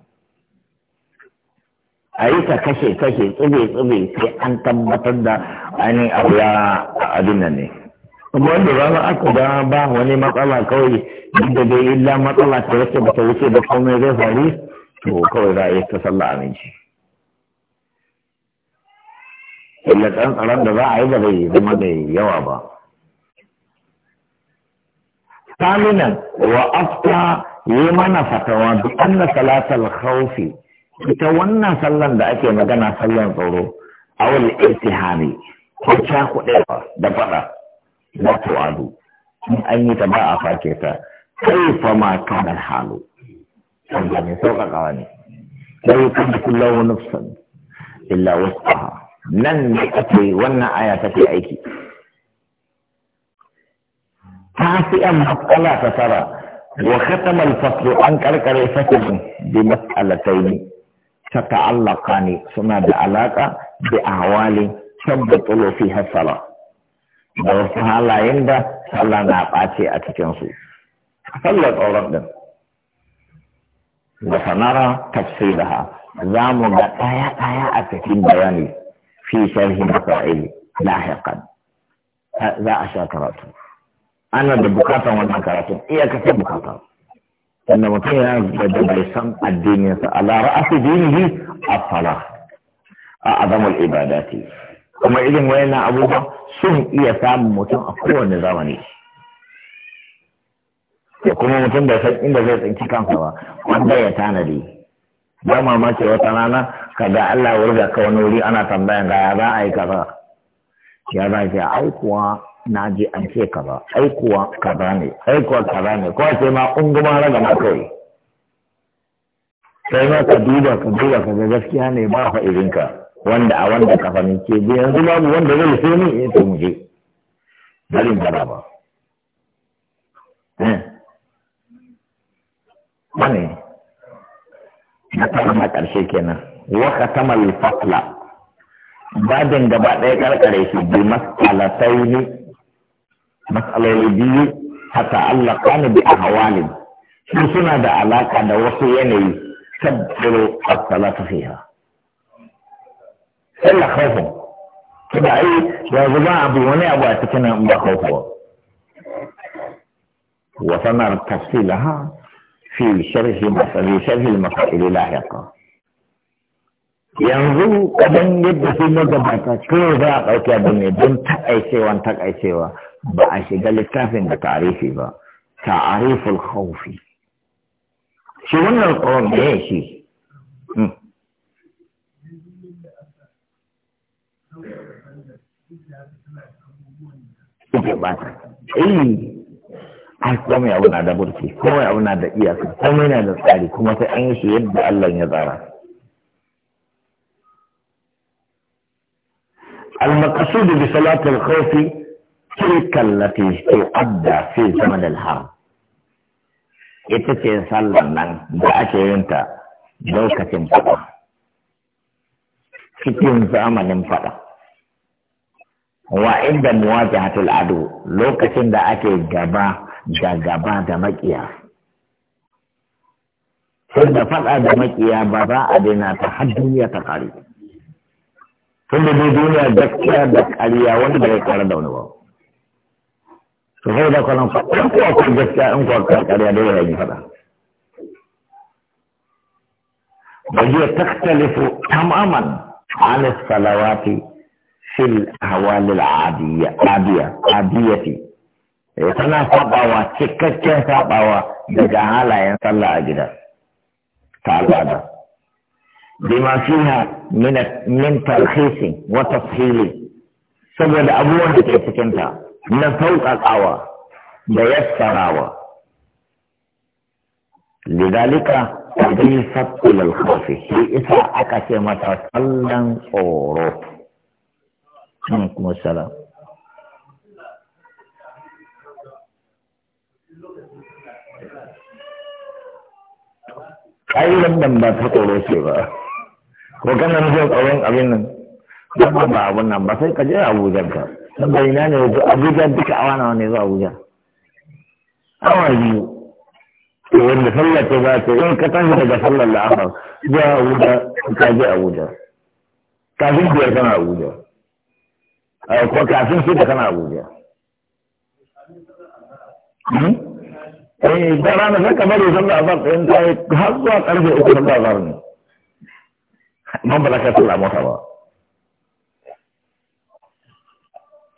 a yi kashe kashe tsube tsube sai an tabbatar da ainihin abu ya abin nan ne kuma wanda ba ma aka ga ba wani matsala kawai inda dai illa matsala ta wacce ba ta wuce da komai zai faru to kawai za a yi ta sallah aminci illa ɗan tsaron da za a yi ba zai zama da yawa ba ثامنا وأفتى لمن فتوى بأن صلاة الخوف ita wannan sallan da ake magana sallan tsoro awal irtihami ko cakuɗewa da faɗa na ta in an yi ta ba a fake ta kai fa ma kanar halu wanda mai sauƙaƙawa ne لا wannan aya ta ke aiki. لن أتي ونا آياتك أيكي تعفي أم أطلع ترى وختم الفصل عن كركر فصل بمسألتين tata'allaqani suna da alaka bi ahwali tabbatu fi hasala da wasu halayen da sallah na ɓace a cikin su sallar tsoron din da sanara tafsilaha za mu ga ɗaya ɗaya a cikin bayani fi sharhi masa'il lahiqan za a sha karatu da bukatan wannan karatu. iya kasar bukatan sannan mutum ya da bai san addininsa ala ra'asu dinihi afala a azamul ibadati kuma irin wayannan abubuwa sun iya samun mutum a kowane zamani ya kuma mutum da san inda zai tsinci kansa ba wanda ya tanadi ba mamaki wata rana kaga Allah ya wurga ka wani wuri ana tambayan ga ya za a yi kaza ya za a yi kuwa na je an ce ba aikuwa ka ba ne aikuwa ka ba ne ko ce ma unguma raga ma kai sai ma ka duba ka duba ka ga gaskiya ne ba fa irin ka wanda a wanda ka fahimce bi yanzu babu wanda zai so ni eh to mu je dalin bara ba eh na na kama karshe kenan wa katamal fatla babin gaba ɗaya karkare shi bi mas'alataini مسألة لديه حتى الله كان بأحوالي سلسنا دا علاقة دا وصياني تدخلوا الصلاة فيها إلا خوفهم كده أي وزباء أبو وني أبو أتكنا ما خوفه وسنرى تفصيلها في شرح المسألة في شرح المسائل لاحقا ينظر قدن يبسي مدبعك كيف يبقى قدن يبن تقعي سيوان تقعي سيوان بعد قال لي تعرفين تعريفي بقى تعريف الخوف شو قلنا القرآن ليش إيه أحكم يا أبونا بركي كم يا أبونا هذا إياك كم يا أبونا هذا سعيد كم تأني شيء يبدأ الله يدارا المقصود بصلاة الخوف تلك التي تؤدى في زمن الحرب ita ce sallar nan da ake yin ta lokacin fada cikin zamanin faɗa wa inda muwajahatul adu lokacin da ake gaba da gaba da makiya tun da faɗa da makiya ba za a daina ta har duniya ta ƙare tun da duniya gaskiya da ƙarya wanda bai ƙara da wani ba to sai da kwanan faɗin kuwa kun gaskiya in kuwa karkariya da yawan yi faɗa وهي تختلف تماما عن الصلوات في الأهوال العادية عادية عادية tana sabawa cikakken sabawa daga halayen sallah a gida ta al'ada bima fiha min min tarhisi wa tafhili saboda abubuwan da ke cikin ta na sauƙaƙawa da yassarawa lidalika ta abin sattul alkhafi shi isa aka ce mata sallan tsoro kuma salam ai wannan ba ta tsoro ce ba ko kana nufin tsoron abin nan ba ba abin nan ba sai ka je abujan ka saboda ina ne yanzu abuja duka awa nawa ne zuwa abuja awa biyu to wanda sallar ta za ta yi ka tashi daga sallar la'afar zuwa abuja ka je abuja kafin biyar kana abuja ko kafin shida kana abuja hmm? eh da rana sai kamar yanzu da azar ɗin ta yi har zuwa ƙarfe uku sallar azar ne man ba za ka sallar mota ba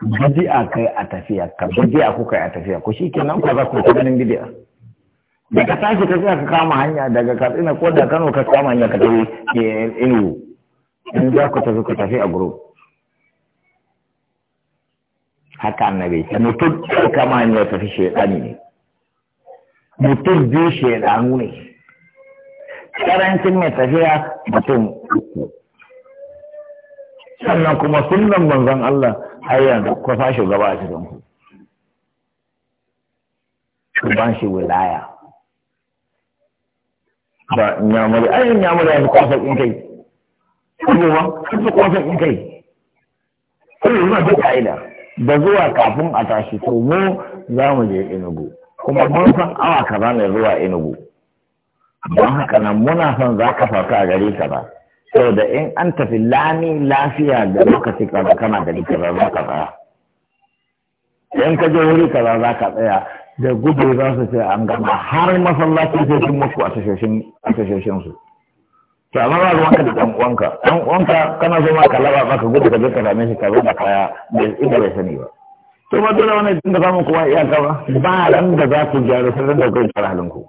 bidi'a kai a tafiya ka bidi'a ku kai a tafiya ku shi kenan ku za ku ta ganin bidi'a daga tashi ka ka kama hanya daga katsina ko da kano ka kama hanya ka tafi inu eh, in za ku tafi ku tafi a group haka annabi mutum ɗaya kama hanya tafi shaidani ne mutum biyu shaidanu ne karancin mai tafiya mutum uku sannan kuma sunan manzon Allah har yanzu kwafa shugaba a cikin ku shugaban shi wilaya ba nyamuri ayin nyamuri yanzu kwafa in kai kuma su kwafa in kai kuma zuwa da ka'ida da zuwa kafin a tashi to mu za mu je inugu kuma mun san awa kaza ne zuwa inugu don haka nan muna son za ka sauka a ka ba. sau da in an tafi lami lafiya da lokaci kaza kana da kaza za ka tsaya in ka je wuri kaza za ka tsaya da gudu za su ce an gama har masallaci sai sun mutu a tashoshin su to amma ba ruwan ka da dan uwanka dan uwanka kana so ma ka laba ba ka gudu ka je ka same shi ka zo da kaya bai bai sani ba to ba dole wani tun da samun kuma iyaka ba ba ran da za ku gyara sai da kai halin ku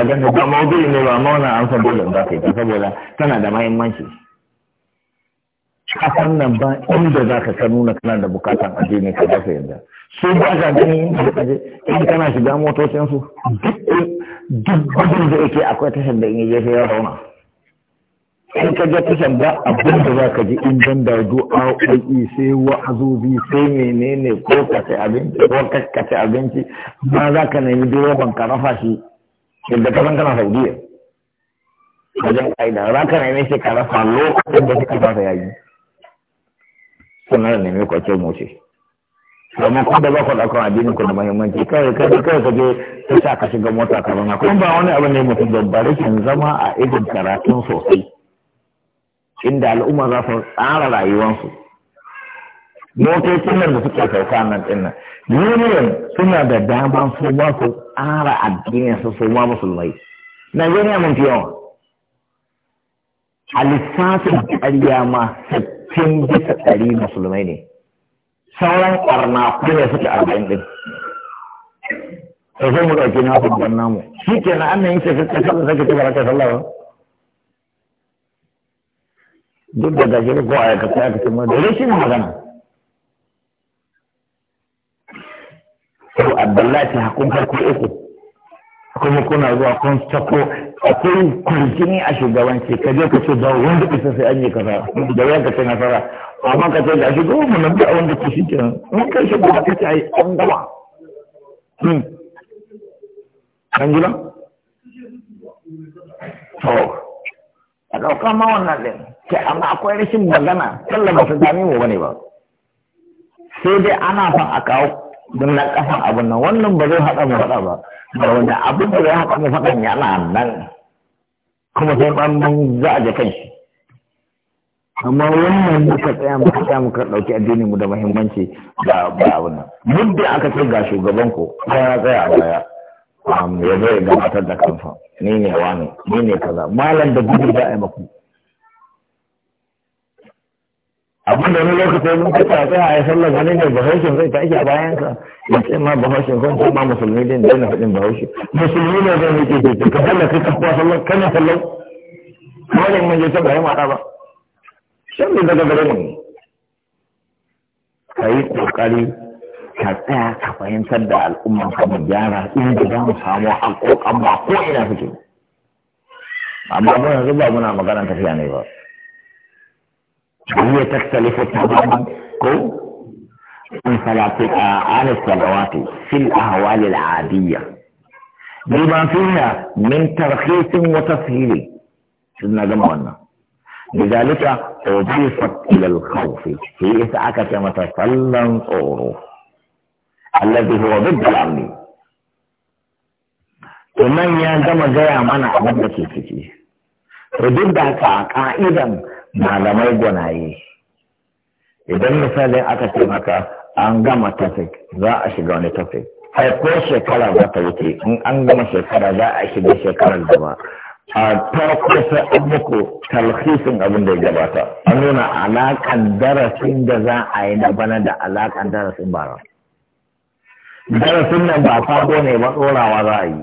a ganga ba maudu'i ne ba mauna amsa dole ba kai ta saboda tana da mahimmanci kasan nan ba inda za ka nuna kana da bukatan addini ka dafa yanzu su ba ka gani in kana shiga motocinsu duk gudun da yake akwai tashar da in yi jefe ya zauna in ka ga tashar ba abin da za ka ji in ban da du'a ƙwai sai wa'azobi sai menene ko ka ci abinci ko ka ci abinci ma za ka nemi direban ka rafa shi yadda ka san kana saudiya wajen ƙa'ida za ka neme shi ka rasa lokacin da suka fasa yayi sannan neme kwace moce domin kuma da ba ku ɗaukar addinin ku da mahimmanci kawai kai kai ka je ta sa ka shiga mota ka zama kuma ba wani abu ne mutum da ba rashin zama a irin karatun sosai inda al'umma za su tsara rayuwarsu motocin nan da suke sauka nan din nan union suna da daman su ma su tsara addinin su su ma musulmai najeriya mun fi yawa a lissafin ƙarya ma sittin bisa ɗari musulmai ne sauran ƙarna ne suke arba'in ɗin sai mu ɗauki na babban namu shi ke na annan yake sai kasar da sake tuba ka sallah ba duk da gashi ko a aikata aikata ma da rashin magana to abdullahi hakun farko uku kuma kuna zuwa kun sako akwai kwarjini a shugabanci ka je ka ce ba wanda kusa sai an yi kasa da wani ka ce nasara amma ka ce da shi goma mu nan a wanda ku shi kenan in kai shi ba ka ce ai an gaba kan hmm. gina to a ɗauka ma wannan ɗin ke amma akwai rashin magana sallah ba su dami mu bane ba sai dai ana son a kawo don na kasa abin nan wannan ba zai haɗa mu faɗa ba ba wanda abin da zai haɗa mu ya yana nan kuma sai ban mun za a je kai amma wannan muka tsaya muka tsaya muka ɗauki addinin mu da muhimmanci ga ba abin nan muddin aka ce ga shugaban ku ya tsaya a baya ya zai gabatar da kansa ni ne wani ni ne kaza malam da gudu za a yi maku abin da wani lokacin mun kuka sai a yi sallar wani ne bahaushin zai tashi a bayan ka ya ce ma bahaushin kan ce ma musulmi din da na faɗin bahaushin musulmi ne zai ne ke ce ka kalla kai ka kuwa sallar kana sallar kuma ne mun je ta bayan mata ba shan da daga gare mu ka yi kokari ka tsaya ka fahimtar da al'umma ka mu gyara inda za mu samu alƙoƙan ba ko ina suke amma muna zuba muna magana tafiya ne ba وهي تختلف تماما كو عن الصلوات في الأهوال العادية بما فيها من ترخيص وتسهيل سيدنا جمعنا لذلك أضيفت إلى الخوف في إسعك كما تسلم صوره الذي هو ضد الأمن ومن يا جمع جاء منع منك كتير duk da haka a ka'idan malamai gwanaye idan misalin aka ce maka an gama tafik za a shiga wani tafik har ko shekara za ta wuce in an gama shekara za a shiga shekarar gaba a farko sai muku talhisin abin da ya gabata an nuna alakan darasin da za a yi na bana da alakan darasin bara darasin nan ba sabo ne ba tsorawa za a yi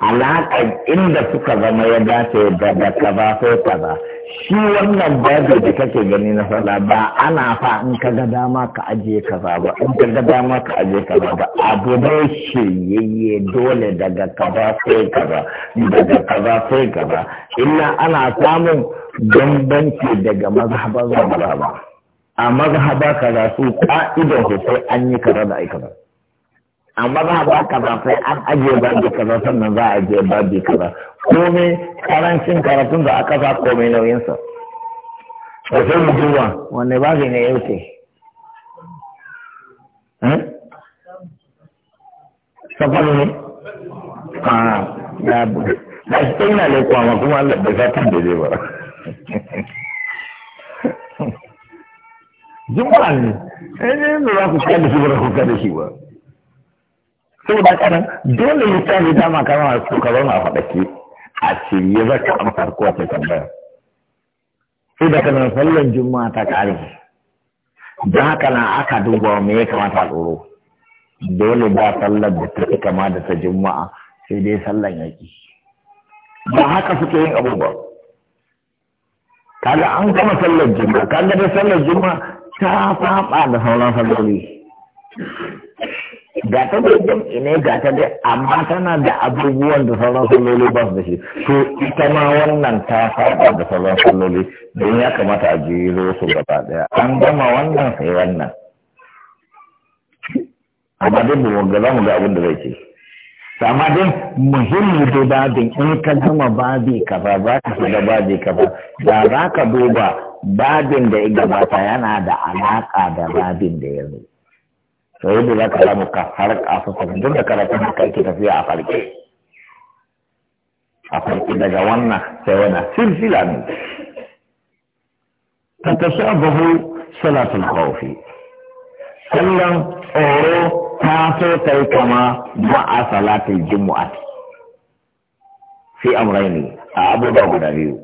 alaƙar inda suka zama ya dace daga kaza ko kaza shi wannan babu da kake gani na sana ba ana fa in ka ga dama ka ajiye kaza ba in ka ga dama ka ajiye kaza ba abu ne shiryayye dole daga kaza sai kaza daga kaza sai kaza illa ana samun bambanci daga mazhaban ba a mazhaba kaza su ka'idan sai an yi kaza da ai kaza amma za a ba ka ba sai an ajiye babi kaza sannan za a ajiye babi kaza kome karancin karatun da aka sa nauyin sa da sai mu duba wanne babi ne ce eh hmm? safari ne a ya bude da shi ta le kwa ma kuma Allah da zata da zai ba jimba ne sai eh, ne ba za ku da shi ba ku da shi ba saboda haka nan dole littafi dama kama a ka zauna a faɗake a shirye za ka amsa ko cikin tambaya sai da kanan sallan juma'a ta kare da haka nan aka duba me ya kamata a tsoro dole ba sallar da ta fi kama da ta juma'a sai dai sallan yaƙi ba haka suke yin abubuwa kaga an kama sallar juma'a kaga da sallar juma'a ta saba da sauran salloli ga ta da jam'i ne ga da amma tana da abubuwan da sauran salloli ba su da shi to ita ma wannan ta saba da sauran salloli don ya kamata a jiro su gaba daya an gama wannan sai wannan amma dai mu ga za mu ga abin da zai ce amma dai muhimmi da babin in ka gama babi kaza za ka shiga babi kafa. da za ka duba babin da ya gabata yana da alaka da babin da ya zo to yadda za ka samu ka har a sassan duk da karatun haka yake tafiya a farke a farke daga wannan sai wannan silsila ne ta tashabahu salatul khawfi sallan tsoro ta so ta yi kama a salatul jumu'at fi amraini a abubuwa guda biyu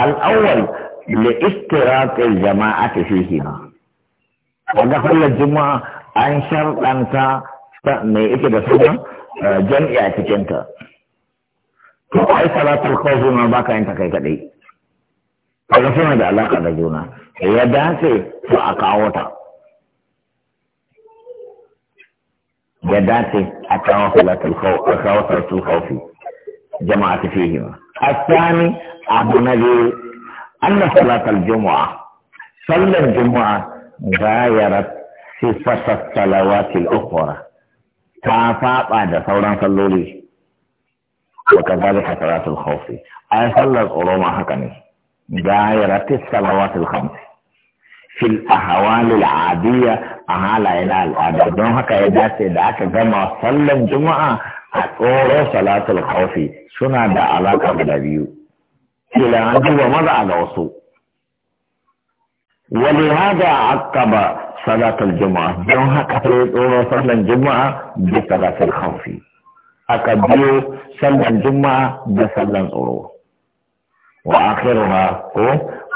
al'awwal li istiraqil jama'ati fihi ma wanda Fallar juma'a an sharɗanta mai ita da suna eh, jam'i a cikinta to ai salatul khawfi ma baka yin ta kai kaɗai. kaga suna da alaƙa da juna eh, ya dace to a kawo ta ya dace a kawo salatar kawai a kawo salatar kawai jama'a ta abu na biyu. نبي أن salatar juma'a. Sallar juma'a غايرت صفة الصلوات الأخرى تافاقا دا صورا صلوا لي وكذلك صلاة الخوف أي صلى الأرومة حكمي غايرت الصلوات الخمس في الأحوال العادية على إلى العادة دون هكا يداتي داك جمع صلى الجمعة أقول صلاة الخوف سنة دا علاقة بالأبيو إلى أن هو مضى على وصول ولهذا عقب صلاة الجمعة دون أولا صلاة الجمعة بصلاة الخوف أكبر صلاة الجمعة بصلاة أولا وآخرها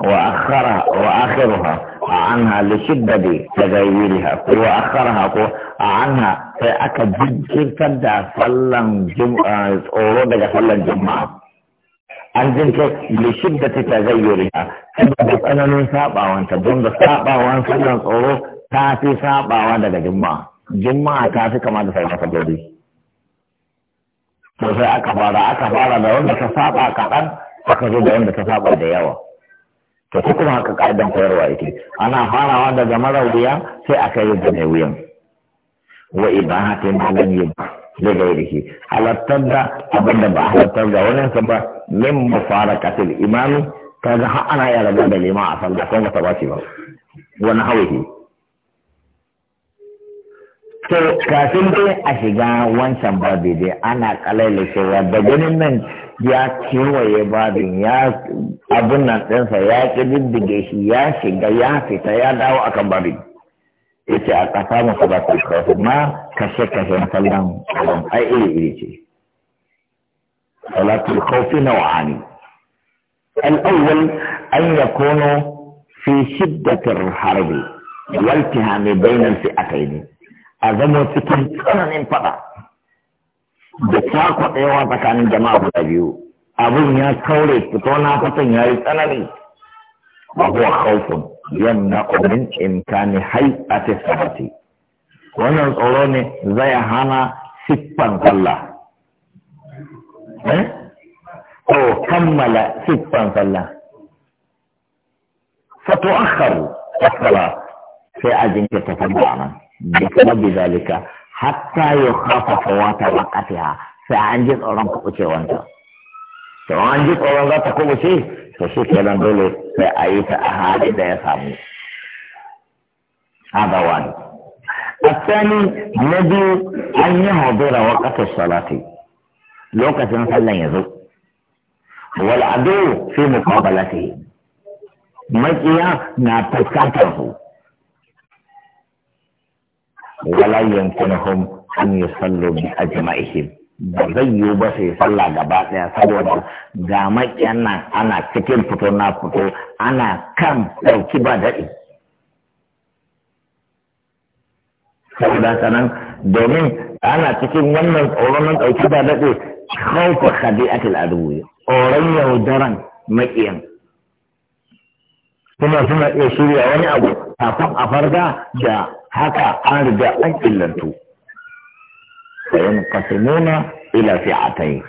وأخرها وآخرها عنها لشدة تغيرها وأخرها عنها فأكد جدا صلى الجمعة أولا دقى صلى الجمعة an jin ta da shidda ta ta zayyuri ta saboda tsananin sabawanta don da sabawan sallan tsoro ta fi sabawa daga jimma jimma ta fi kama da sauran sabbi to sai aka fara aka fara da wanda ta saba kaɗan aka zo da wanda ta saba da yawa to ko kuma haka ka'idan koyarwa yake ana farawa daga mara wuya sai aka yi da mai wuyan wa ibahatin malam yubah da gairihi halattar da abin da ba halattar da wani sa ba min katil imami kaga har ana ya rabu da lima a sallah kuma ba ta ba wani hawaye to kafin dai a shiga wancan babi dai ana kalaila cewa da ganin nan ya kewaye babin ya abin nan ɗinsa ya ƙi diddige shi ya shiga ya fita ya dawo akan babin yace a kafa mu ba ta kawo ma kashe kashe kallan sallan ai iri iri ce salatul khawfi naw'ani al-awwal an yakunu fi shiddati al harbi wal bayna al fi'atayn azamu cikin tsananin fada da da yawa tsakanin jama'a guda biyu abun ya kaure fito na fatan ya tsanani ba kuwa khawfun yamna min imkani hay'ati salati wannan tsoro ne zai hana siffan sallah ko eh? kammala siffan sallah fatu'akhkharu as-salat sai a jinkirta sallah nan da kuma bizalika hatta ya yukhafa fawata waqtiha sai an ji tsoron kubucewanta to an ji tsoron za ta kubuce to shi kenan dole sai a yi ta a halin da ya samu هذا واحد الثاني ندعو أن يحضر وقت الصلاة لو كان صلى يذوق والعدو في مقابلته مكيا ناتكاته ولا يمكنهم أن يصلوا بأجمعهم ba zai yiwu ba sai sallah gaba ɗaya saboda ga maƙiyan nan ana cikin fito na fito ana kan ɗauki ba daɗi saboda sanan domin ana cikin wannan tsoron nan ɗauki ba daɗi kadi khadi'atul adwi tsoron yaudaran maƙiyan kuma suna iya shirya wani abu kafin a farga da haka an riga an illantu. فينقسمون إلى فئتين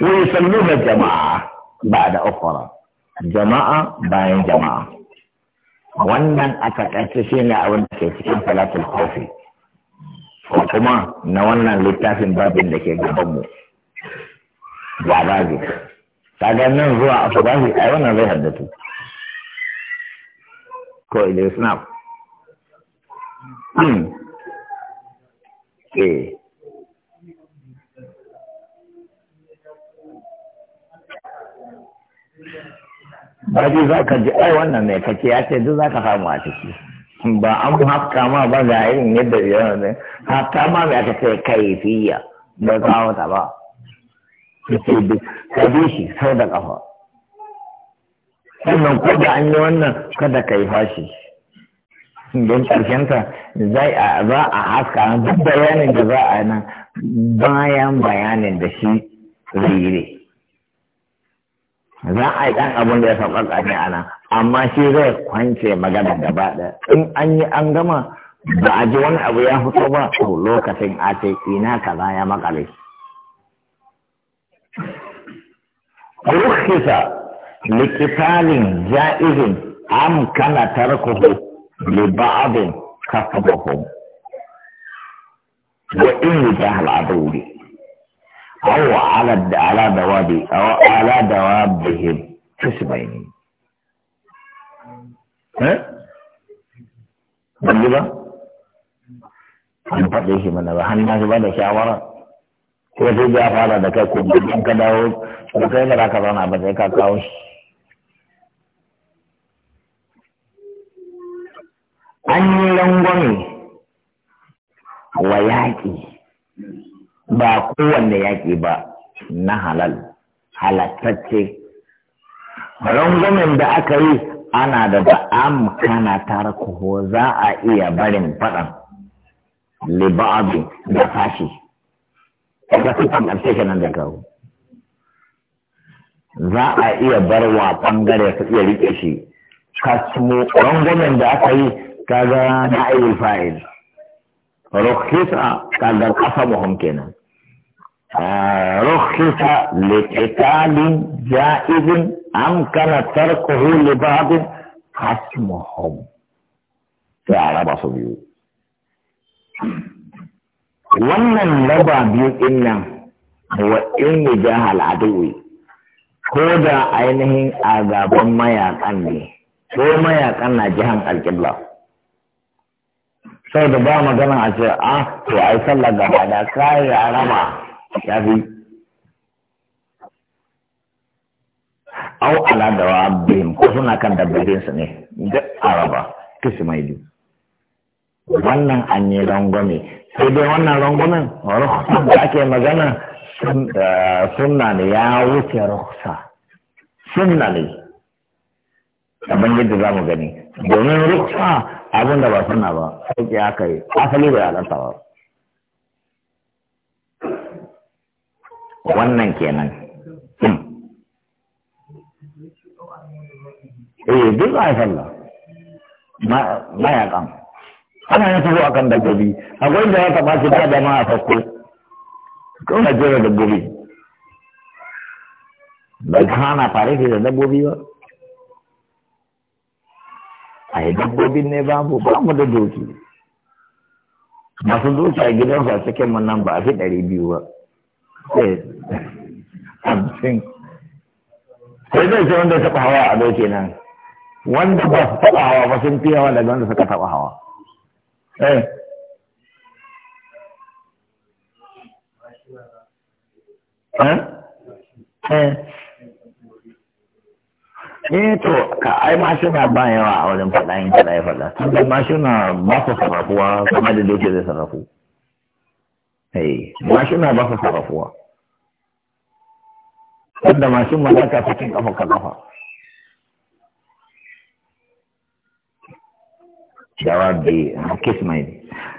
ويصلون الجماعة بعد أخرى جماعة باين جماعة wannan a takaice shi ne abin da ke cikin falatul kofi ko kuma na wannan littafin babin da ke gabanmu ba babi kaga nan zuwa a babi a wannan zai haddatu ko idris na eh baji za ka ji ai wannan ne kake ya ce duk za ka samu a ciki ba an haka ma ba ga irin yadda yana ne hafta ma mai aka ce fiya ba za wata ba ka bi shi sau da ƙafa. sannan ko da an yi wannan kada ka yi fashi don karshenta za a haska duk bayanin da za a nan bayan bayanin da shi rire za a yi ɗan abin da ya sauƙaƙa ne a nan amma shi zai kwance magana gaba in an yi an gama ba a ji wani abu ya fito ba to lokacin a ce ina kaza ya makale rukhisa likitalin ja'izin amkana tarkuhu لبعض كسبهم وإن يجاه العدو أو على على دوابي أو على دوابهم كسبين ها؟ بالجبا؟ أنا بدي شيء منا بحنا ما شو بدي شاورا؟ كيف يجي أفعل هذا كم؟ كم كداو؟ كم كذا كذا أنا بدي كاوش an yi rangwame wa yaƙi ba kowanne yaƙi ba na halal halattacce rangwamen da aka yi ana da ba'am kana tarkuhu za a iya barin faɗan liba'abi da fashi ga sufan ƙarshe kenan da kawo za a iya barwa ɓangare su iya riƙe shi kasmo rangwamen da aka yi كذا نائب الفائز رخصة كذا القصب هم كنا آه، رخصة لقتال جائز أمكن تركه لبعض خصمهم في عرب صبيو ومن لبا بيو هو ان جاه العدو كودا عينه أذابون ما يكن لي كودا ما يكن القبلة sau da ba magana a ce a ah, to ai sallah gaba da kai a rama ya fi au ala da wa bin ko suna kan dabbarin su ne da araba kishi mai du wannan an yi rangwame sai dai wannan rangwamen rukhsa da ake magana eh, sunna ne ya wuce rukhsa sunna ne abin yadda za mu gani domin ruksa abin da ba suna ba sauƙi aka yi asali bai halarta ba wannan kenan hmm. eh duk a sallah mayakan ana yin taho akan dabbobi akwai da ya taɓa shi ba da ma a farko kawai jira dabbobi ba ta hana fare da dabbobi ba a yi dabbobin ne babu ba mu da doki masu doki a su a cikin mu nan ba a fi ɗari biyu ba eh, hamsin sai zai ce wanda taɓa hawa a doki nan wanda ba su taɓa hawa ba sun fi yawa daga wanda suka taɓa hawa Eh? Eh? eh. eh to ka ai mashina ba yawa a wajen faɗa yin faɗa ya faɗa tun da mashina ba su sarrafuwa kuma da doke zai sarrafu eh mashina ba su sarrafuwa da mashin ma za ka fitin kafa ka kafa jawabi kismai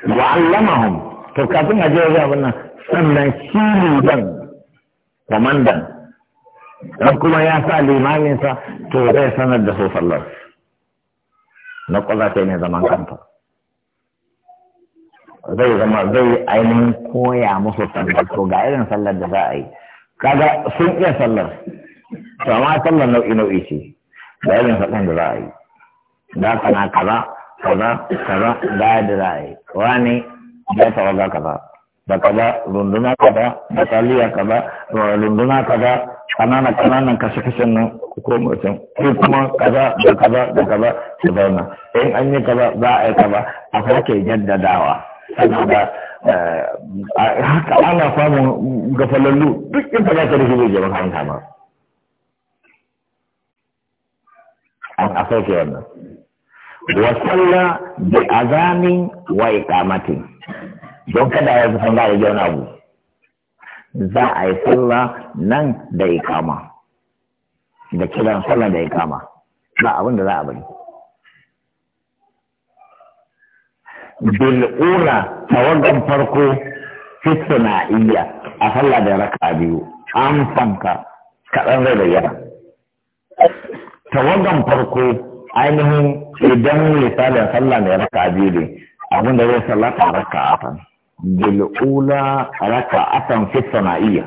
wa allamahum to kafin a je wajen abin nan sannan shi ne dan komandan dan kuma ya sa limaminsa to zai sanar da su sallar na kwallo sai ne zaman kanta zai zama zai ainihin koya musu sallar to ga irin sallar da za a yi kaga sun iya sallar to amma sallar nau'i nau'i ce ga irin sallar da za a yi da kana kaza kaza kaza da da za a yi wani ya tawaga kaza da kaza runduna kaza da taliya kaza runduna kaza kanana kananan kashe kashen nan ku mutum ko kuma kaza da kaza da kaza su zauna in an yi kaza za a yi kaza a sake jaddadawa saboda eh, haka ana samun gafalallu duk in kaza ta rufe zai makaranta ma an asauke wannan wasalla bi azamin wa iqamatin don kada ya san da ya abu za a yi sallah nan da ikama da kiran sallah da ikama ba abin da za a bari bil'ula tawagan farko fitna iya a sallah da raka biyu an fanka kaɗan zai bayyana tawagan farko ainihin idan misalin sallah da raka biyu ne abin da zai sallata raka a bil'ula raka'atan fi sana'iyya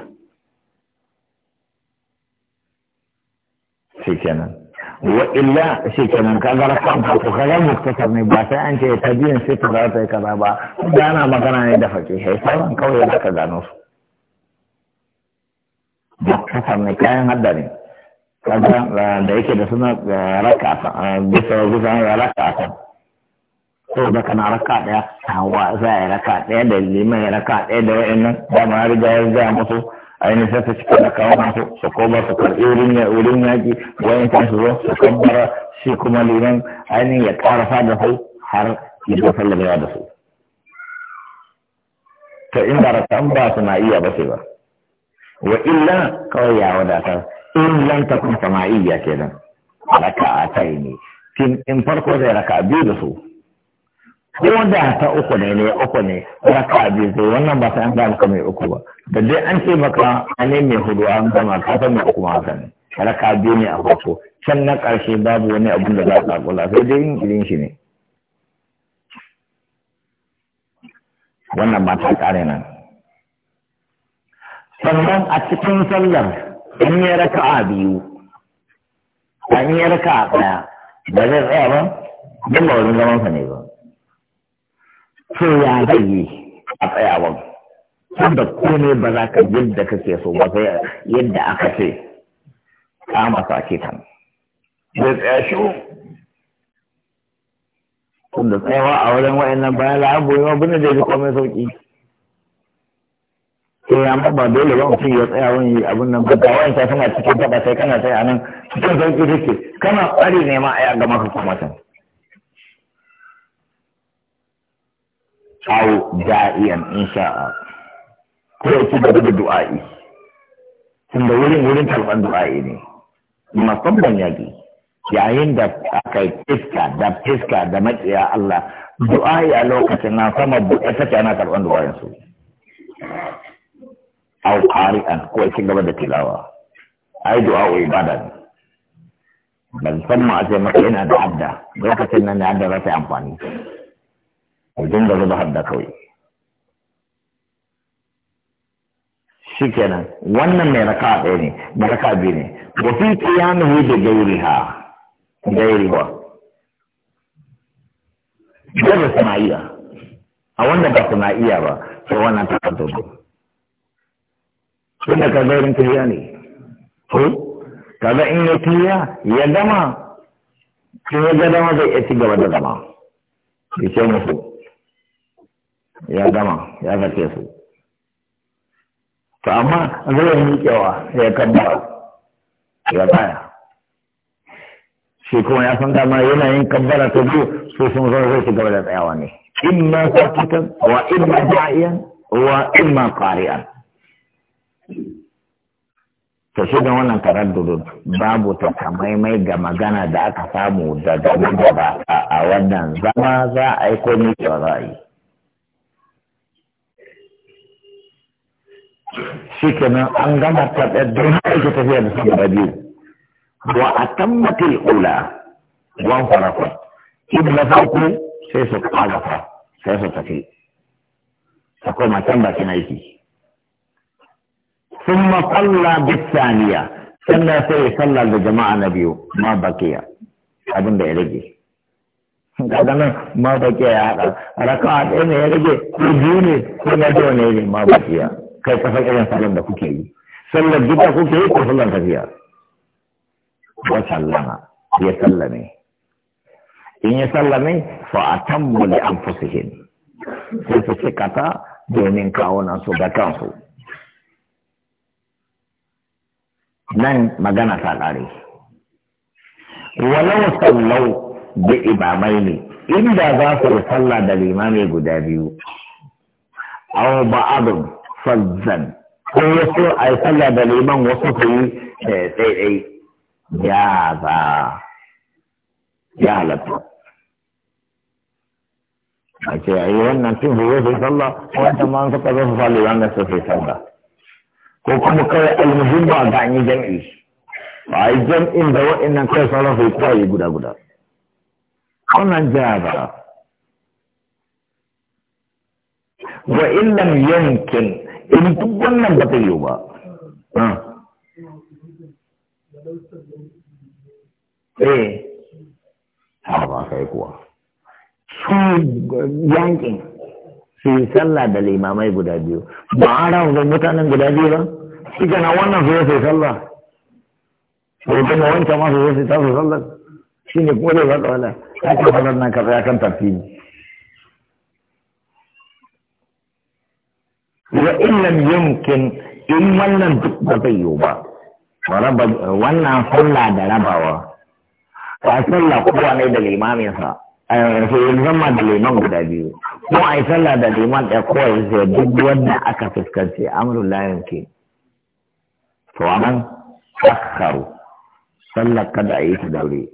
shikenan wa illa shikenan kaga raka'an farko kaga ne ba sai an ce ta biyan sai ta yi kaza ba da ana magana ne da fakihai sauran kawai da ka gano su muktasar ne kayan hadda ne kaga da yake da suna raka'a bisa ko da kana raka daya hawa za ya raka daya da liman ya raka daya da nan da ma riga ya ga musu ainihin sai ta cika da kawo musu su ba su karɓi wurin ya wurin yaki wa'in kan su zo su kambara shi kuma liman ainihin ya karasa da su har ya zo sallama da su to in raka an ba su na iya ba sai ba wa illa kawai ya wadatar in lan takun sama'iyya kenan a ta ne in farko zai raka biyu da su ko da ta uku ne ne uku ne ya ka bi sai wannan ba ta an ga maka mai uku ba da dai an ce maka an ne mai hudu an ga ka san mai uku ma haka ne ka bi ne a farko can na ƙarshe babu wani abin da za ka kula sai dai yin irin shi ne wannan ba ta kare nan sannan a cikin sallar an yi raka a biyu an yi raka a ɗaya ba zai tsaya ba don ba wurin zaman sa ne ba to ya zai yi a tsayawan tunda kone ba za ka yadda kake so ba sai yadda aka ce ka masa kan da tsaya shi tunda tsayawa a wajen wa'annan bayan la'abu yawa bin da ya komai sauki sai eh, ya ba dole ba mutum ya tsaya wani abin nan ba wani ta suna cikin taba sai kana sai a nan cikin sauki take kana tsari ne ma a yaga maka kuma can aw da'iyan insha'a ko ya ci gaba da du'a'i tunda wurin wurin karɓar du'a'i ne ya yaƙi yayin da aka yi fiska da fiska da maƙiya Allah du'a'i a lokacin na sama buɗe take ana karɓar du'a'in su Au qari'an ko ya gaba da tilawa ai du'a'u ibada ne ban san ma a ce maka yana da adda lokacin nan da adda za ta yi amfani dinga zuba hadda kawai shi kenan wannan mai raka ɗaya ne da raka biyu ne wa fi qiyamihi da gairiha gairiha gairi sana'iya a wannan ba suna iya ba sai wannan ta kanto tunda ka gairin tafiya ne ko kaga in ya tafiya ya gama in ya ga dama zai iya ci gaba da zama ya ce musu ya gama ya sake su to amma zai yi miƙewa ya kabbara ya baya shi kuma ya san dama yanayin kabbara ta biyu su sun zo zai ci gaba da tsayawa ne imma sakitan wa imma da'iyan wa imma qari'an to shi da wannan taraddudun babu ta kamaimai ga magana da aka samu daga nan gaba a wannan zama za a yi ko miƙewa za a yi شكنا عندما تبدأ الدنيا تجي تجي بدي وأتمت الأولى وانفرقت إبن فاكو سيسو قالفا سيسو تكي فقوم أتمت كنايتي ثم صلى بالثانية صلى سي صلى لجماعة نبيه ما بقي أبن بيرجي كان ما بقي يا ركعتين يرجي يجيني كل يوم يجي ما بقي kai kasan irin salon da kuke yi sallar gida kuke yi ko sallar tafiya wa sallama ya sallame in ya sallame fa atammu li anfusihim sai su cikata domin kawo nan su da kansu nan magana ta kare walau sallau bi imamai ne inda za su yi sallah da limami guda biyu aw فضلا هو اي صلى بالايمان وصفه اي اي اي يا با يا اي وانا نسيم هو في صلى وانت ما انت تبقى صلي وانا نسيم في صلى وكم كوي المهم بعداني جمعي اي جمع ان دواء ان كوي صلى في كوي قدا قدا قلنا جاء وان لم يمكن in duk wannan ba ta yi ba eh ha ba kai kuwa su yankin su yi sallah da limamai guda biyu ba a rawar mutanen guda biyu ba shi gana wannan su yi sallah sai kuma wancan ma su yi sallah shi ne kuma zai zaɓa wala ya ce faɗar nan kasa ya kan tartibi wa illam yumkin in wannan duk ba zai yiwu ba wannan sallah da rabawa a sallah kowa ne da limaminsa eh, sai zama da liman guda biyu ko a yi sallah da liman ɗaya kowai sai duk wanda aka fuskanci amurin layin ke to a akkaru sallar kada a yi ta daure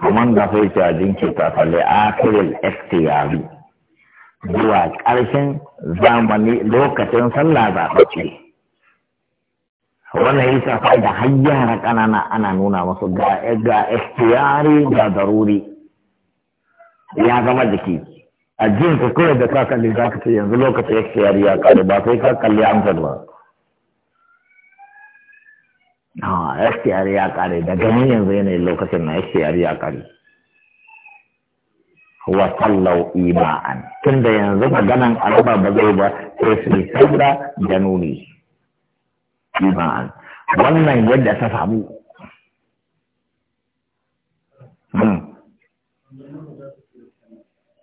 kuma da sai ta jinki ta falle akirin ikhtiyari zuwa ƙarshen zamani lokacin sallah zaɓaɓɓe wannan yi safa da har yara ƙanana ana nuna masu ga ga istiyari ga daruri ya zama jiki a jin ka kawai da ka kalli za ka ce yanzu lokacin istiyari ya ƙare ba sai ka kalli amsar ba a ah, istiyari ya ƙare da ganin yanzu yanayin lokacin na istiyari ya ƙare wa sallau ima'an tunda yanzu maganan alaba ba zai ba sai su saura da nuni ima'an wannan yadda ta samu hmm.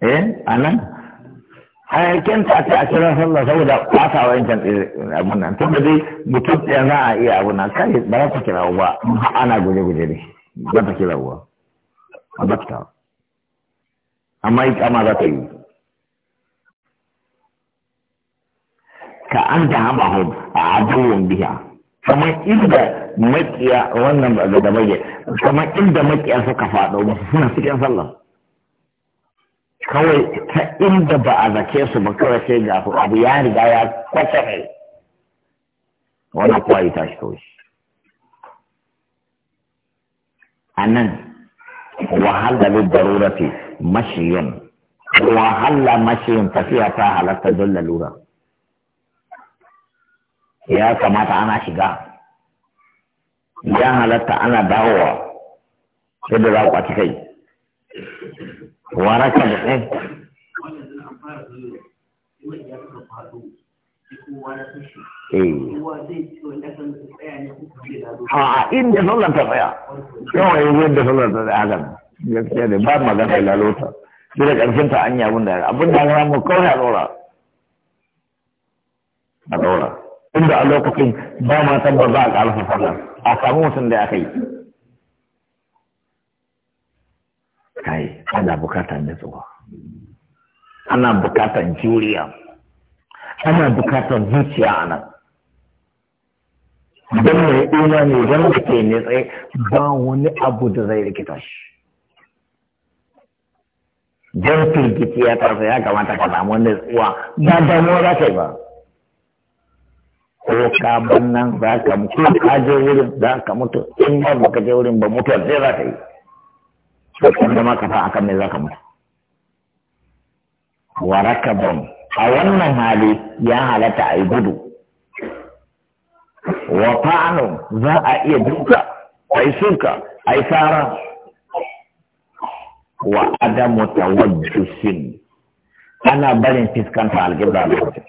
eh anan hayakin ta a kiran sallah saboda kwata wa yankan eh, abun nan dai mutum ɗaya za a iya abun nan kai ba za ta kira ba ana guje-guje ne ba ta kira ba ba ta أمايك أمارتي كأنت أمهم عدوهم بها كما إلدى مكيا وانم أغدبية كما إلدى مكيا سكفات ومسسنا سكين صلى كوي كإلدى بأذا كيسو مكوي سيجاه أبو ياري يعني دايا كتفي وانا قوي تشتوش أنا وهل ده للضرورة فيه mashiyan wahala halla tafiya ta halatta don lalura ya kamata ana shiga ya halatta ana dawowa yadda za ku a kai waraka da ɗin eh. a inda sallan ta tsaya yi yanzu yadda sallan ta tsaya gaskiya da ba magana da lalota sai da ƙarfin ta an yi da abin da ya mu kawai a ɗora a ɗora inda a lokacin ba ma san ba za a ƙarfa sallah a samu mutum da aka yi kai ana bukatar nutsuwa ana bukatar juriya ana bukatar zuciya a nan don mai ne don da ke tsaye ba wani abu da zai rikita shi don firgici ya karfa ya kamata ka samu wanda tsuwa ba damuwa za ka yi ba ko ka ban nan za ka mutu ka je wurin za ka mutu in ba ba ka je wurin ba mutu sai za ka yi ko kan da maka fa akan me za ka mutu waraka ban a wannan hali ya halatta a yi gudu wa fa'anu za a iya duka a yi suka a yi tsara wa adamu tawajjuhin ana barin fiskanta alƙibla lokacin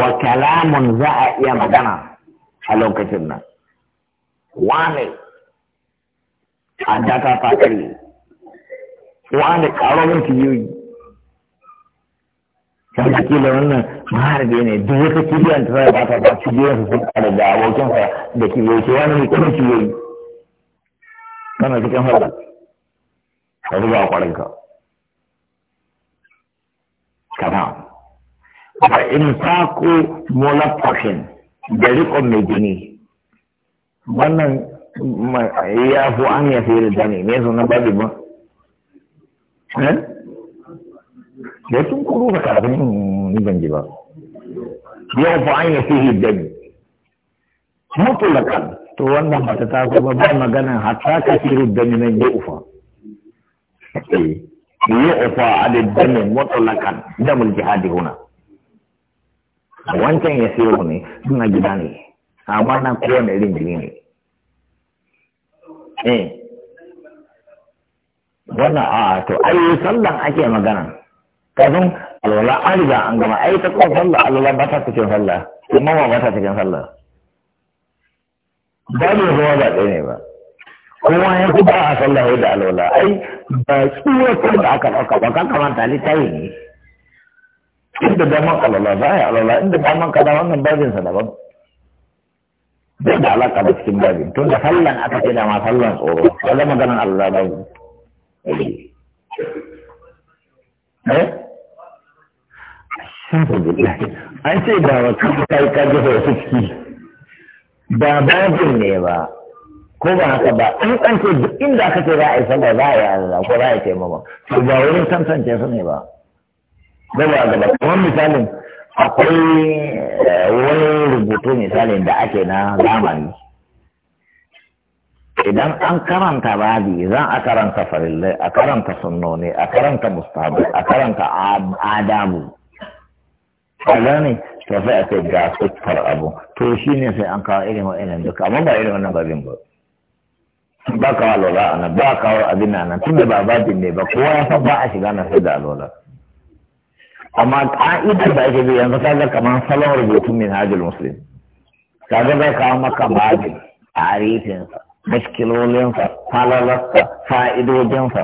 wa kalamun za a iya magana a lokacin nan wane adaka ta kare wane karomin kiyoyi kan da kila wannan maharbe ne duk wata kibiyan ta zai bata ba kibiyan su sun kare da abokin sa da kiyoyi wani ne kuma kiyoyi kana cikin hulɗa ka zuba a kwarinka Kama. fa in molar mulaffakin da riƙon mai jini wannan ya fi an ya fi da ne me sunan babu ba da eh? sun kuro da kafin ni ban ji ba yau fa an ya fi da ne mutulakan to wannan ba ta taso ba ba maganin hatta ka fi da ne na ufa يعفى عن الدم مطلقا دم الجهاد هنا wancan ya siyo ne suna gida ne amma na kowane irin jini ne eh wannan a ah, to ai sallan ake magana kazan alwala an riga an gama ai ta kuma sallah alwala ba ta cikin sallah kuma ba ta cikin sallah dalilin ruwa ba ɗaya ne ba kowa ya fi ba a sallah da alwala ai ba tsura ko da aka ɗauka ba kan kamanta yi ne inda daman alwala za a yi alwala inda daman kada wannan babin sa daban bai da alaka da cikin babin tun da sallan aka ce da ma sallan tsoro zama maganan alola ba eh an ce da wa kai ka ji hosu ciki ba babin ne ba ko ba haka ba an kance duk inda aka ce za a yi sallah za a yi azza ko za a yi taimama to ba wurin tantance su ne ba ba ba gaba kamar misalin akwai eh, wani rubutu misalin da ake na zamani idan an karanta babi za a karanta farillai a karanta sunnoni a karanta mustahabi a karanta adabu a gane to sai a ce ga siffar abu to shine sai an kawo irin wa'annan duka amma ba irin wannan babin ba ba ka alola a nan ba kawo abin a nan tunda ba babin ne ba kowa ya san ba a shiga na sai da alwala amma ka'idar da ake bi yanzu ka ga kamar salon rubutu min hajjul muslim ka ga zai kawo maka babin tarifinsa muskilolinsa falalarsa fa'idojinsa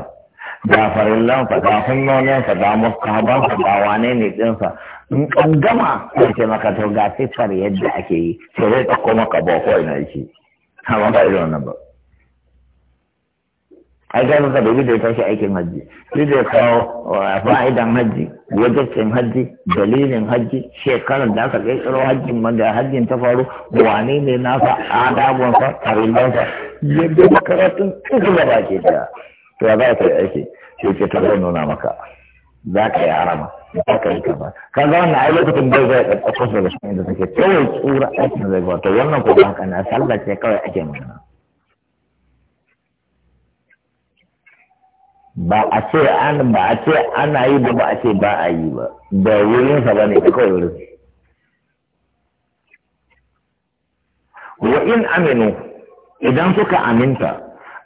ga farillansa ga hunnoninsa ga muskabansa ga wane ne dinsa in an gama sai ce maka to ga sifar yadda ake yi sai zai ɗauko maka bako ina yake amma ba wannan ba ai gano ka bai da tashi aikin hajji sai da ya kawo uh, fa'idan hajji wajen hajji dalilin hajji shekarar da aka kirkiro hajjin wanda hajjin ta faru wane ne nasa adabunsa karillansa yadda karatun uku da ba ke da to ya za ka yi aiki sai ke ta zai nuna maka za ka yi arama, za ka yi kaza ka ga wannan ai lokacin da zai ɗaɗɗa kusa da shi inda take kawai tsura aikin zai ba to wannan kuma haka na sallace kawai ake magana ba a ce an ba a ce ana yi ba ba a ce ba a yi ba da wurin sa bane da kawai wurin wa in aminu idan suka aminta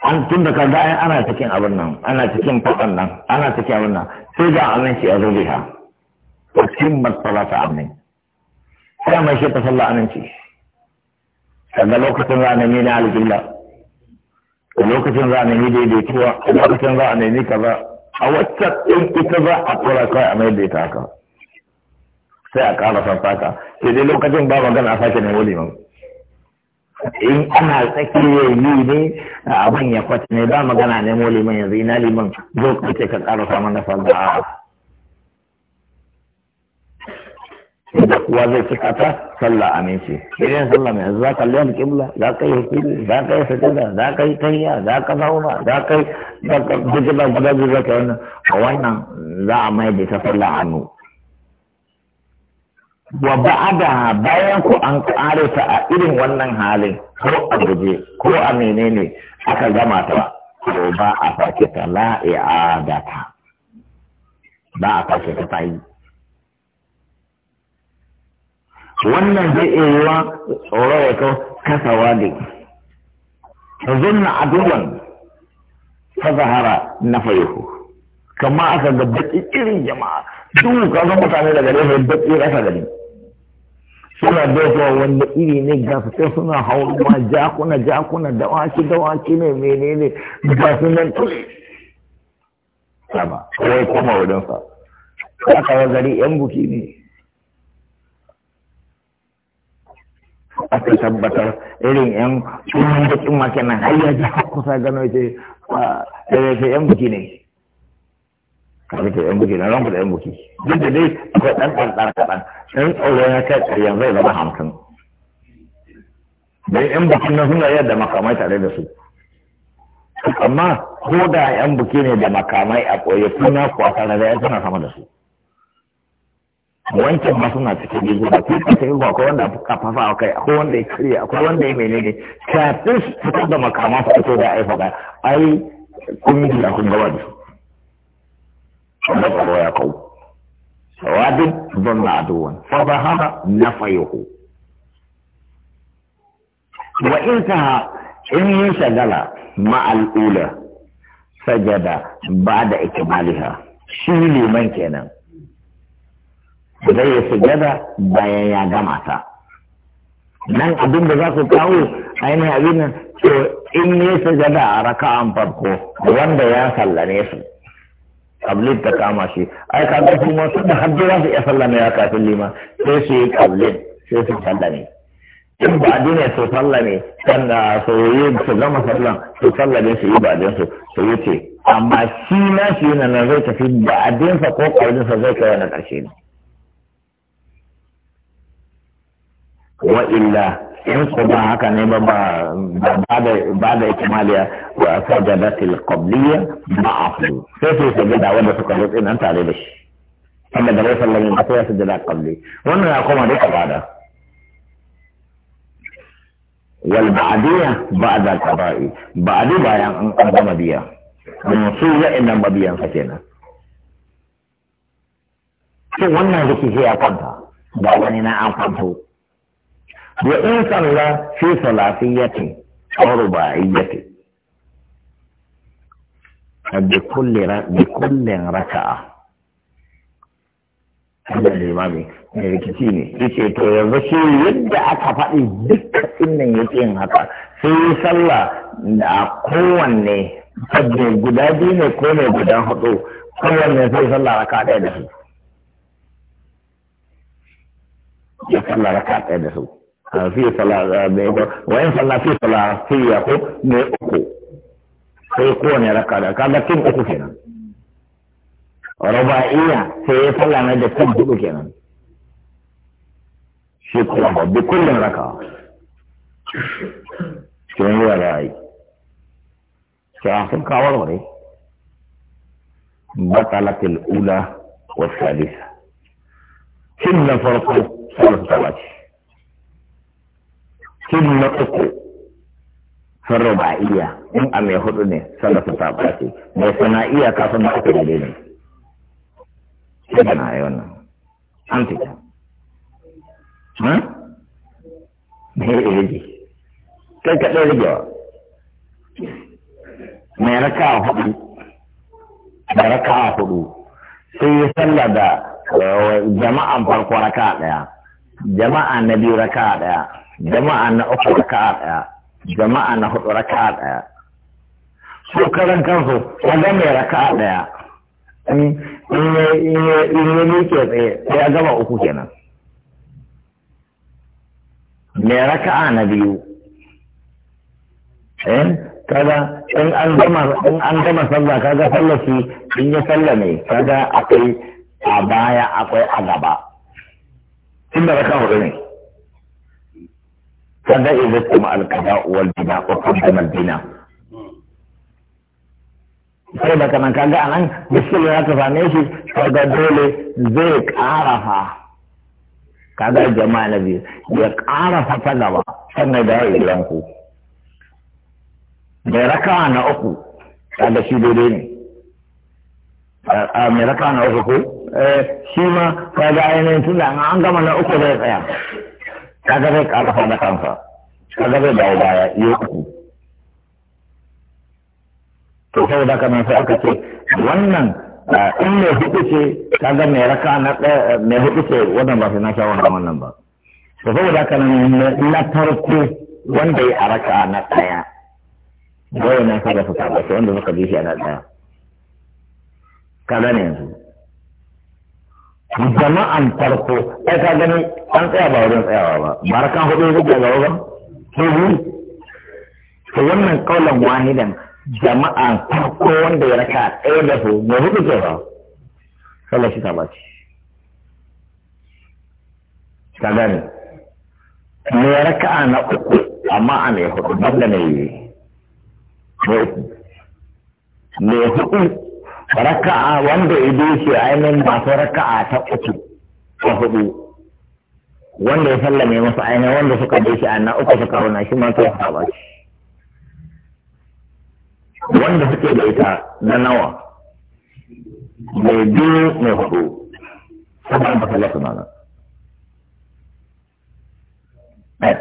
an tun da kaga ai ana cikin abin nan ana cikin fadan nan ana cikin abin nan sai ga aminci ya zo biha ko cikin matsala ta amin sai mai shi ta sallah aminci kaga lokacin ranar ne na aljilla a lokacin za a nemi daidaituwa a lokacin za a nemi kaza a wacce ɗin ita za a tsora kawai a mai da ita haka sai a ƙara sassaka sai dai lokacin ba magana a sake nemo liman in ana tsakiyar yi ne abin ya kwata ne ba magana nemo liman yanzu ina liman zo ka ce ka ƙara samun na sallah da kuwa zai ci ta sallah aminci idan sallah mai za ka liyar kibla za ka yi hukuri za ka yi sajada za ka yi tahiya za ka zauna za ka yi gujila gida gida ka wannan a wannan za a mai da ta sallah hannu wa ba'ada bayan ku an kare ta a irin wannan halin ko a guje ko a menene aka gama ta ko ba a sake ta la'i'adata ba a sake ta ta yi wannan zai iya yiwa tsoro ya kau kasawa ta zunna abubuwan ta zahara na fayihu kama aka ga baki irin jama'a duk ka zan mutane daga nesa baki rasa gani suna dokowa wanda iri ne ga su sai suna hawa jakuna jakuna dawaki dawaki ne menene ga su nan tuli sama kawai kuma wadansa aka gari yan buki ne aka tabbatar irin yan tsohon da kin make nan har ya ji kusa gano ce da ah, ke eh, eh, yan buki ne kaga ta yan buki na ranku da yan buki duk da dai akwai ɗan ɗan ka kaɗan sai tsoro ya kai ƙaryan zai zama hamsin dai yan buki na suna yadda makamai tare da su amma ko da yan buki ne da makamai a ƙoye kuna kwasa da ya suna sama da su wancan ba suna cikin gizo ba kuma ta yi akwai wanda aka fafa a kai ko wanda ya karya ko wanda ya menene kafin su fitar da makaman su fito da aifa ai kun yi da kun gaba da su wanda ba ya kawo sawadin zan na aduwan fa ba haka na fayahu wa in ta in yi shagala ma'al'ula sajada ba da ikimaliha shi liman kenan zai yi sujada bayan ya gama ta nan abin da za ku kawo ainihin abin nan to in ne sujada a an farko wanda ya sallane su kablin ta kama shi ai ka ga kuma su da haddu za su iya sallame ya kafin lima sai su yi kablin sai su sallame in ba ne su sallame sannan su yi su gama sallan su sallame su yi ba'adin su su ce amma shi na shi yana nan zai tafi ba'adinsa ko ƙarfinsa zai kai wani ƙarshe ne wa illa in ko ba haka ne ba ba da ikimaliya wa sajadatil qabliya ma'ahu sai su sajada wanda suka rutsi nan tare da shi amma da rai sallamin ba sai ya sajada qabli wannan ya koma duka bada wal ba'diya ba'da qaba'i ba'di bayan an kaddama biya mun su ya inna mabiyan sa kenan shin wannan rikici ya kanta ba wani na an kwanto wa in salla fi salatiyyati aw ruba'iyyati bi kulli bi kulli raka'a hada limami mai rikici ne ce to yanzu shi yadda aka faɗi dukkan nan yake yin haka sai yi sallah da kowanne sabbin guda biyu ne ko ne guda hudu kowanne sai sallah raka ɗaya da su ya sallah raka ɗaya da su fi eh, wayan sallah fi sallah fi ya ko ne uku sai kowane raka da kaga kenan ruba'iyya sai ya sallah na da kin hudu kenan shi kuma babbi kullum raka kin yi ra'ayi sai sun kawar ware batalatil ula wa salisa kin na farko sallah ta sun na uku sun iya. in a mai hudu ne sarrafa ta ɓace mai iya kafin na uku daidai ne shi na yi wannan an fita me ya rage kai kaɗai ragewa mai raka hudu da raka hudu sai ya salla da eh, jama'an farko raka ɗaya jama'a na biyu raka ɗaya jama'a na uku raka'a ɗaya jama'a na hudu raka'a ɗaya su karan kansu wanda mai raka'a ɗaya in ya miƙe tsaye sai ya gama uku kenan mai raka'a na biyu eh, kaga in an gama in an gama sallah kaga sallar shi in ya sallah ne kaga akwai a baya akwai a gaba tunda raka'a hudu ne kada idza kuma alqada wal bina wa qaddama al bina sai da kana kaga anan musulmi ya tafane shi kaga dole zai karafa kaga jama'a na biyu ya karafa ta gaba sannan da ya idan ku da raka na uku kaga shi daidai ne a mai raka na uku ko shi ma kaga ainihin tunda an gama na uku zai tsaya kaga zai karfa na kansa kaga zai dawo baya yi uku to sai da kana sai aka ce wannan in mai hudu ce kaga mai raka na eh, mai hudu ce wannan ba sai na sha wannan wannan ba to saboda haka nan na farko wanda ya raka na daya gawai na kada su tabbata wanda suka ji shi na daya kaga ne yanzu jama'an farko ai ka gani an tsaya ba wajen tsayawa ba barakan hudu ya ga wajen ba to wannan kaulan wahidan jama'an farko wanda ya raka ɗaya da su mai hudu ke ba sallar shi ta bace ka gani mai raka'a na uku amma a mai hudu banda mai mai hudu raka'a wanda ido ke ainihin masu raka'a ta uku ta hudu wanda ya sallame masa ainihin wanda suka bai shi na uku suka runa shi ma sai saba shi wanda suke da ita na nawa mai biyu mai hudu saboda ba sallatu na nan eh.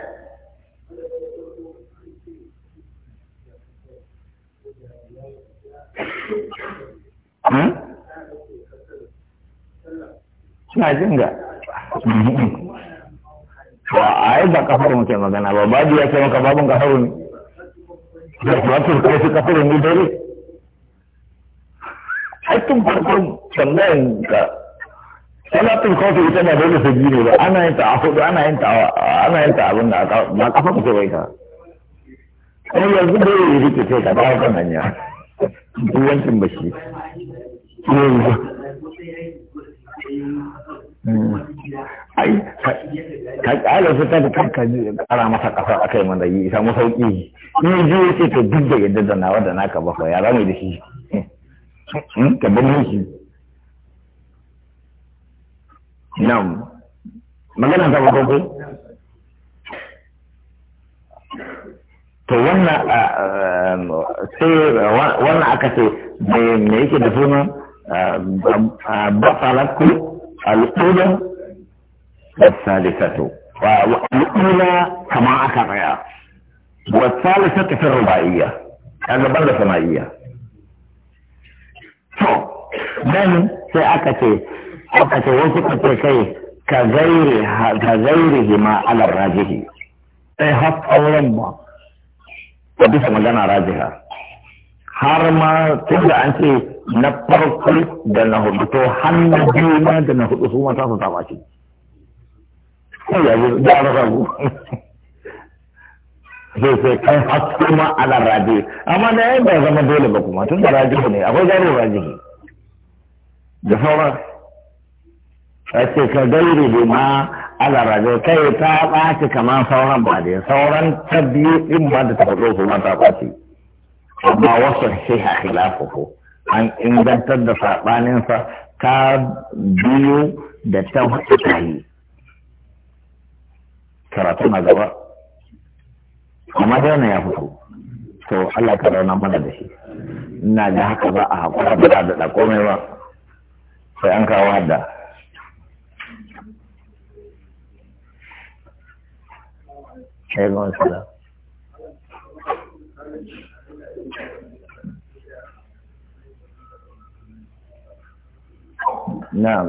ina jin ga ba a yi ba kafar mutum magana ba babu ya ce maka babun kafaru ne da kuma kai su kafaru ne dare. ai farkon tambayan ga salatin khawfi ita na dole su ne ba ana yin ta a hudu ana yin ta ana yin ta abin da ba kafa mutum bai ka kuma yanzu da yi rike sai ka dawo kan hanya duwancin bashi yanzu Hmm. ai ka kyale su ta kan ka kara masa kasa akai mana yi samu sauki in ji yace to duk da yadda da nawa da naka ba fa ya zamu da shi hmm, ka bin shi na'am magana ta ba ko to wannan sai wannan aka ce me yake da sunan بطلت الأولى والثالثة والأولى كما أكرها والثالثة في الرباعية هذا بلد سمائية من سأكتي أكتي وسكتي كي كغيرها كغيرهما على الراجح أي حق أولاً ما وبسم الله راجحة هارما تبدأ أنت na farko da na hudu to hannun biyu na da na hudu su ma ta su taba shi yanzu da rabu zai sai kai haske ma ala raje amma na yadda zama dole ba kuma tun da raje ne akwai gari ne da sauran a ce ka gairi bi ma ala raje kai ta ɓaci kamar sauran ba dai sauran ta biyu ɗin ma da ta hudu su ma ta ɓaci amma wasu sai a khilafuhu an ingantar da saɓaninsa ta biyu da ta hudu yi karatu na gaba amma da yana ya fito to Allah ka rauna mana da shi ina ga haka ba a haƙura ba da da komai ba sai an kawo hadda Thank you. Da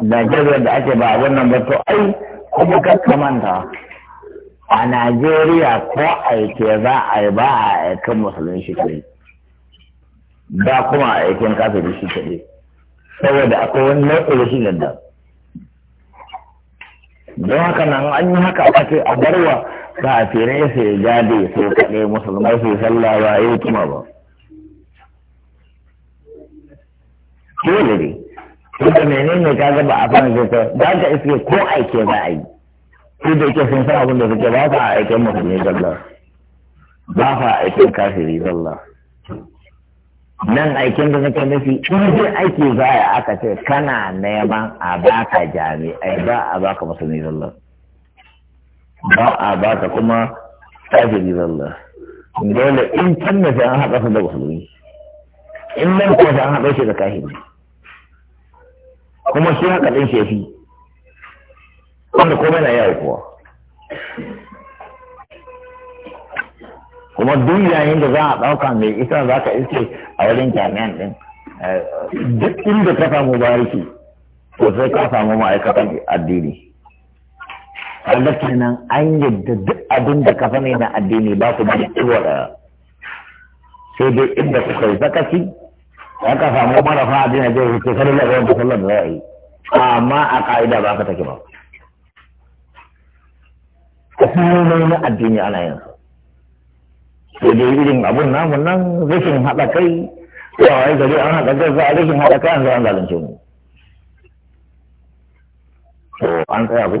Najeriya da ake ba abin nan ba to ai kuma ka kamanta a Najeriya ko aike za a yi ba a aikin musulun shi kaɗai ba kuma a aikin kafin shi kaɗai saboda akwai wani nau'i da shi da don haka nan an yi haka a ce a barwa a ya sai gadi sai kaɗe musulmai su sallah ba yi kuma ba dole ne tunda menene ka ga ba a fara zata ba ka iske ko aike za a yi su da ke sun san abin da suke ba sa aikin musulmi sallah ba sa aikin kafiri sallah nan aikin da nake nufi in dai aiki za a aka ce kana neman a baka jami'ai ba a baka musulmi sallah ba a ba ka kuma kafiri zalla dole in can da an haɗa su da musulmi in nan kuma an haɗa shi da kafiri kuma shi haka ɗin shefi wanda kuma na yawo kuwa kuma duk yayin da za a ɗauka mai isa za ka iske a wurin jami'an ɗin eh, duk inda ka samu bariki to sai ka samu ma'aikatan addini kaga kenan an yadda duk abin da ka sani na addini ba ku da ciwo da sai dai inda kuka yi sakaci aka samu fa addini da yake kada da ga sallar da za a yi amma a ka'ida ba ka take ba ko komai na addini ana yin sai dai irin abun namun nan rashin haɗa kai yawa gari an haɗa kai za a rashin haɗa kai an zalunce mu to an tsaya ku.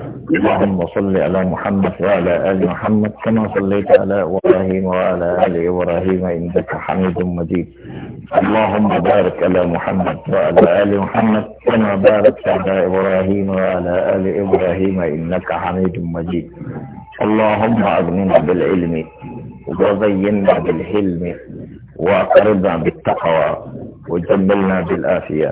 اللهم صل على محمد وعلى آل محمد كما صليت على إبراهيم وعلى آل إبراهيم إنك حميد مجيد اللهم بارك على محمد وعلى آل محمد كما باركت على إبراهيم وعلى آل إبراهيم إنك حميد مجيد اللهم أغننا بالعلم وزينا بالحلم وأقربنا بالتقوى وجبلنا بالآفية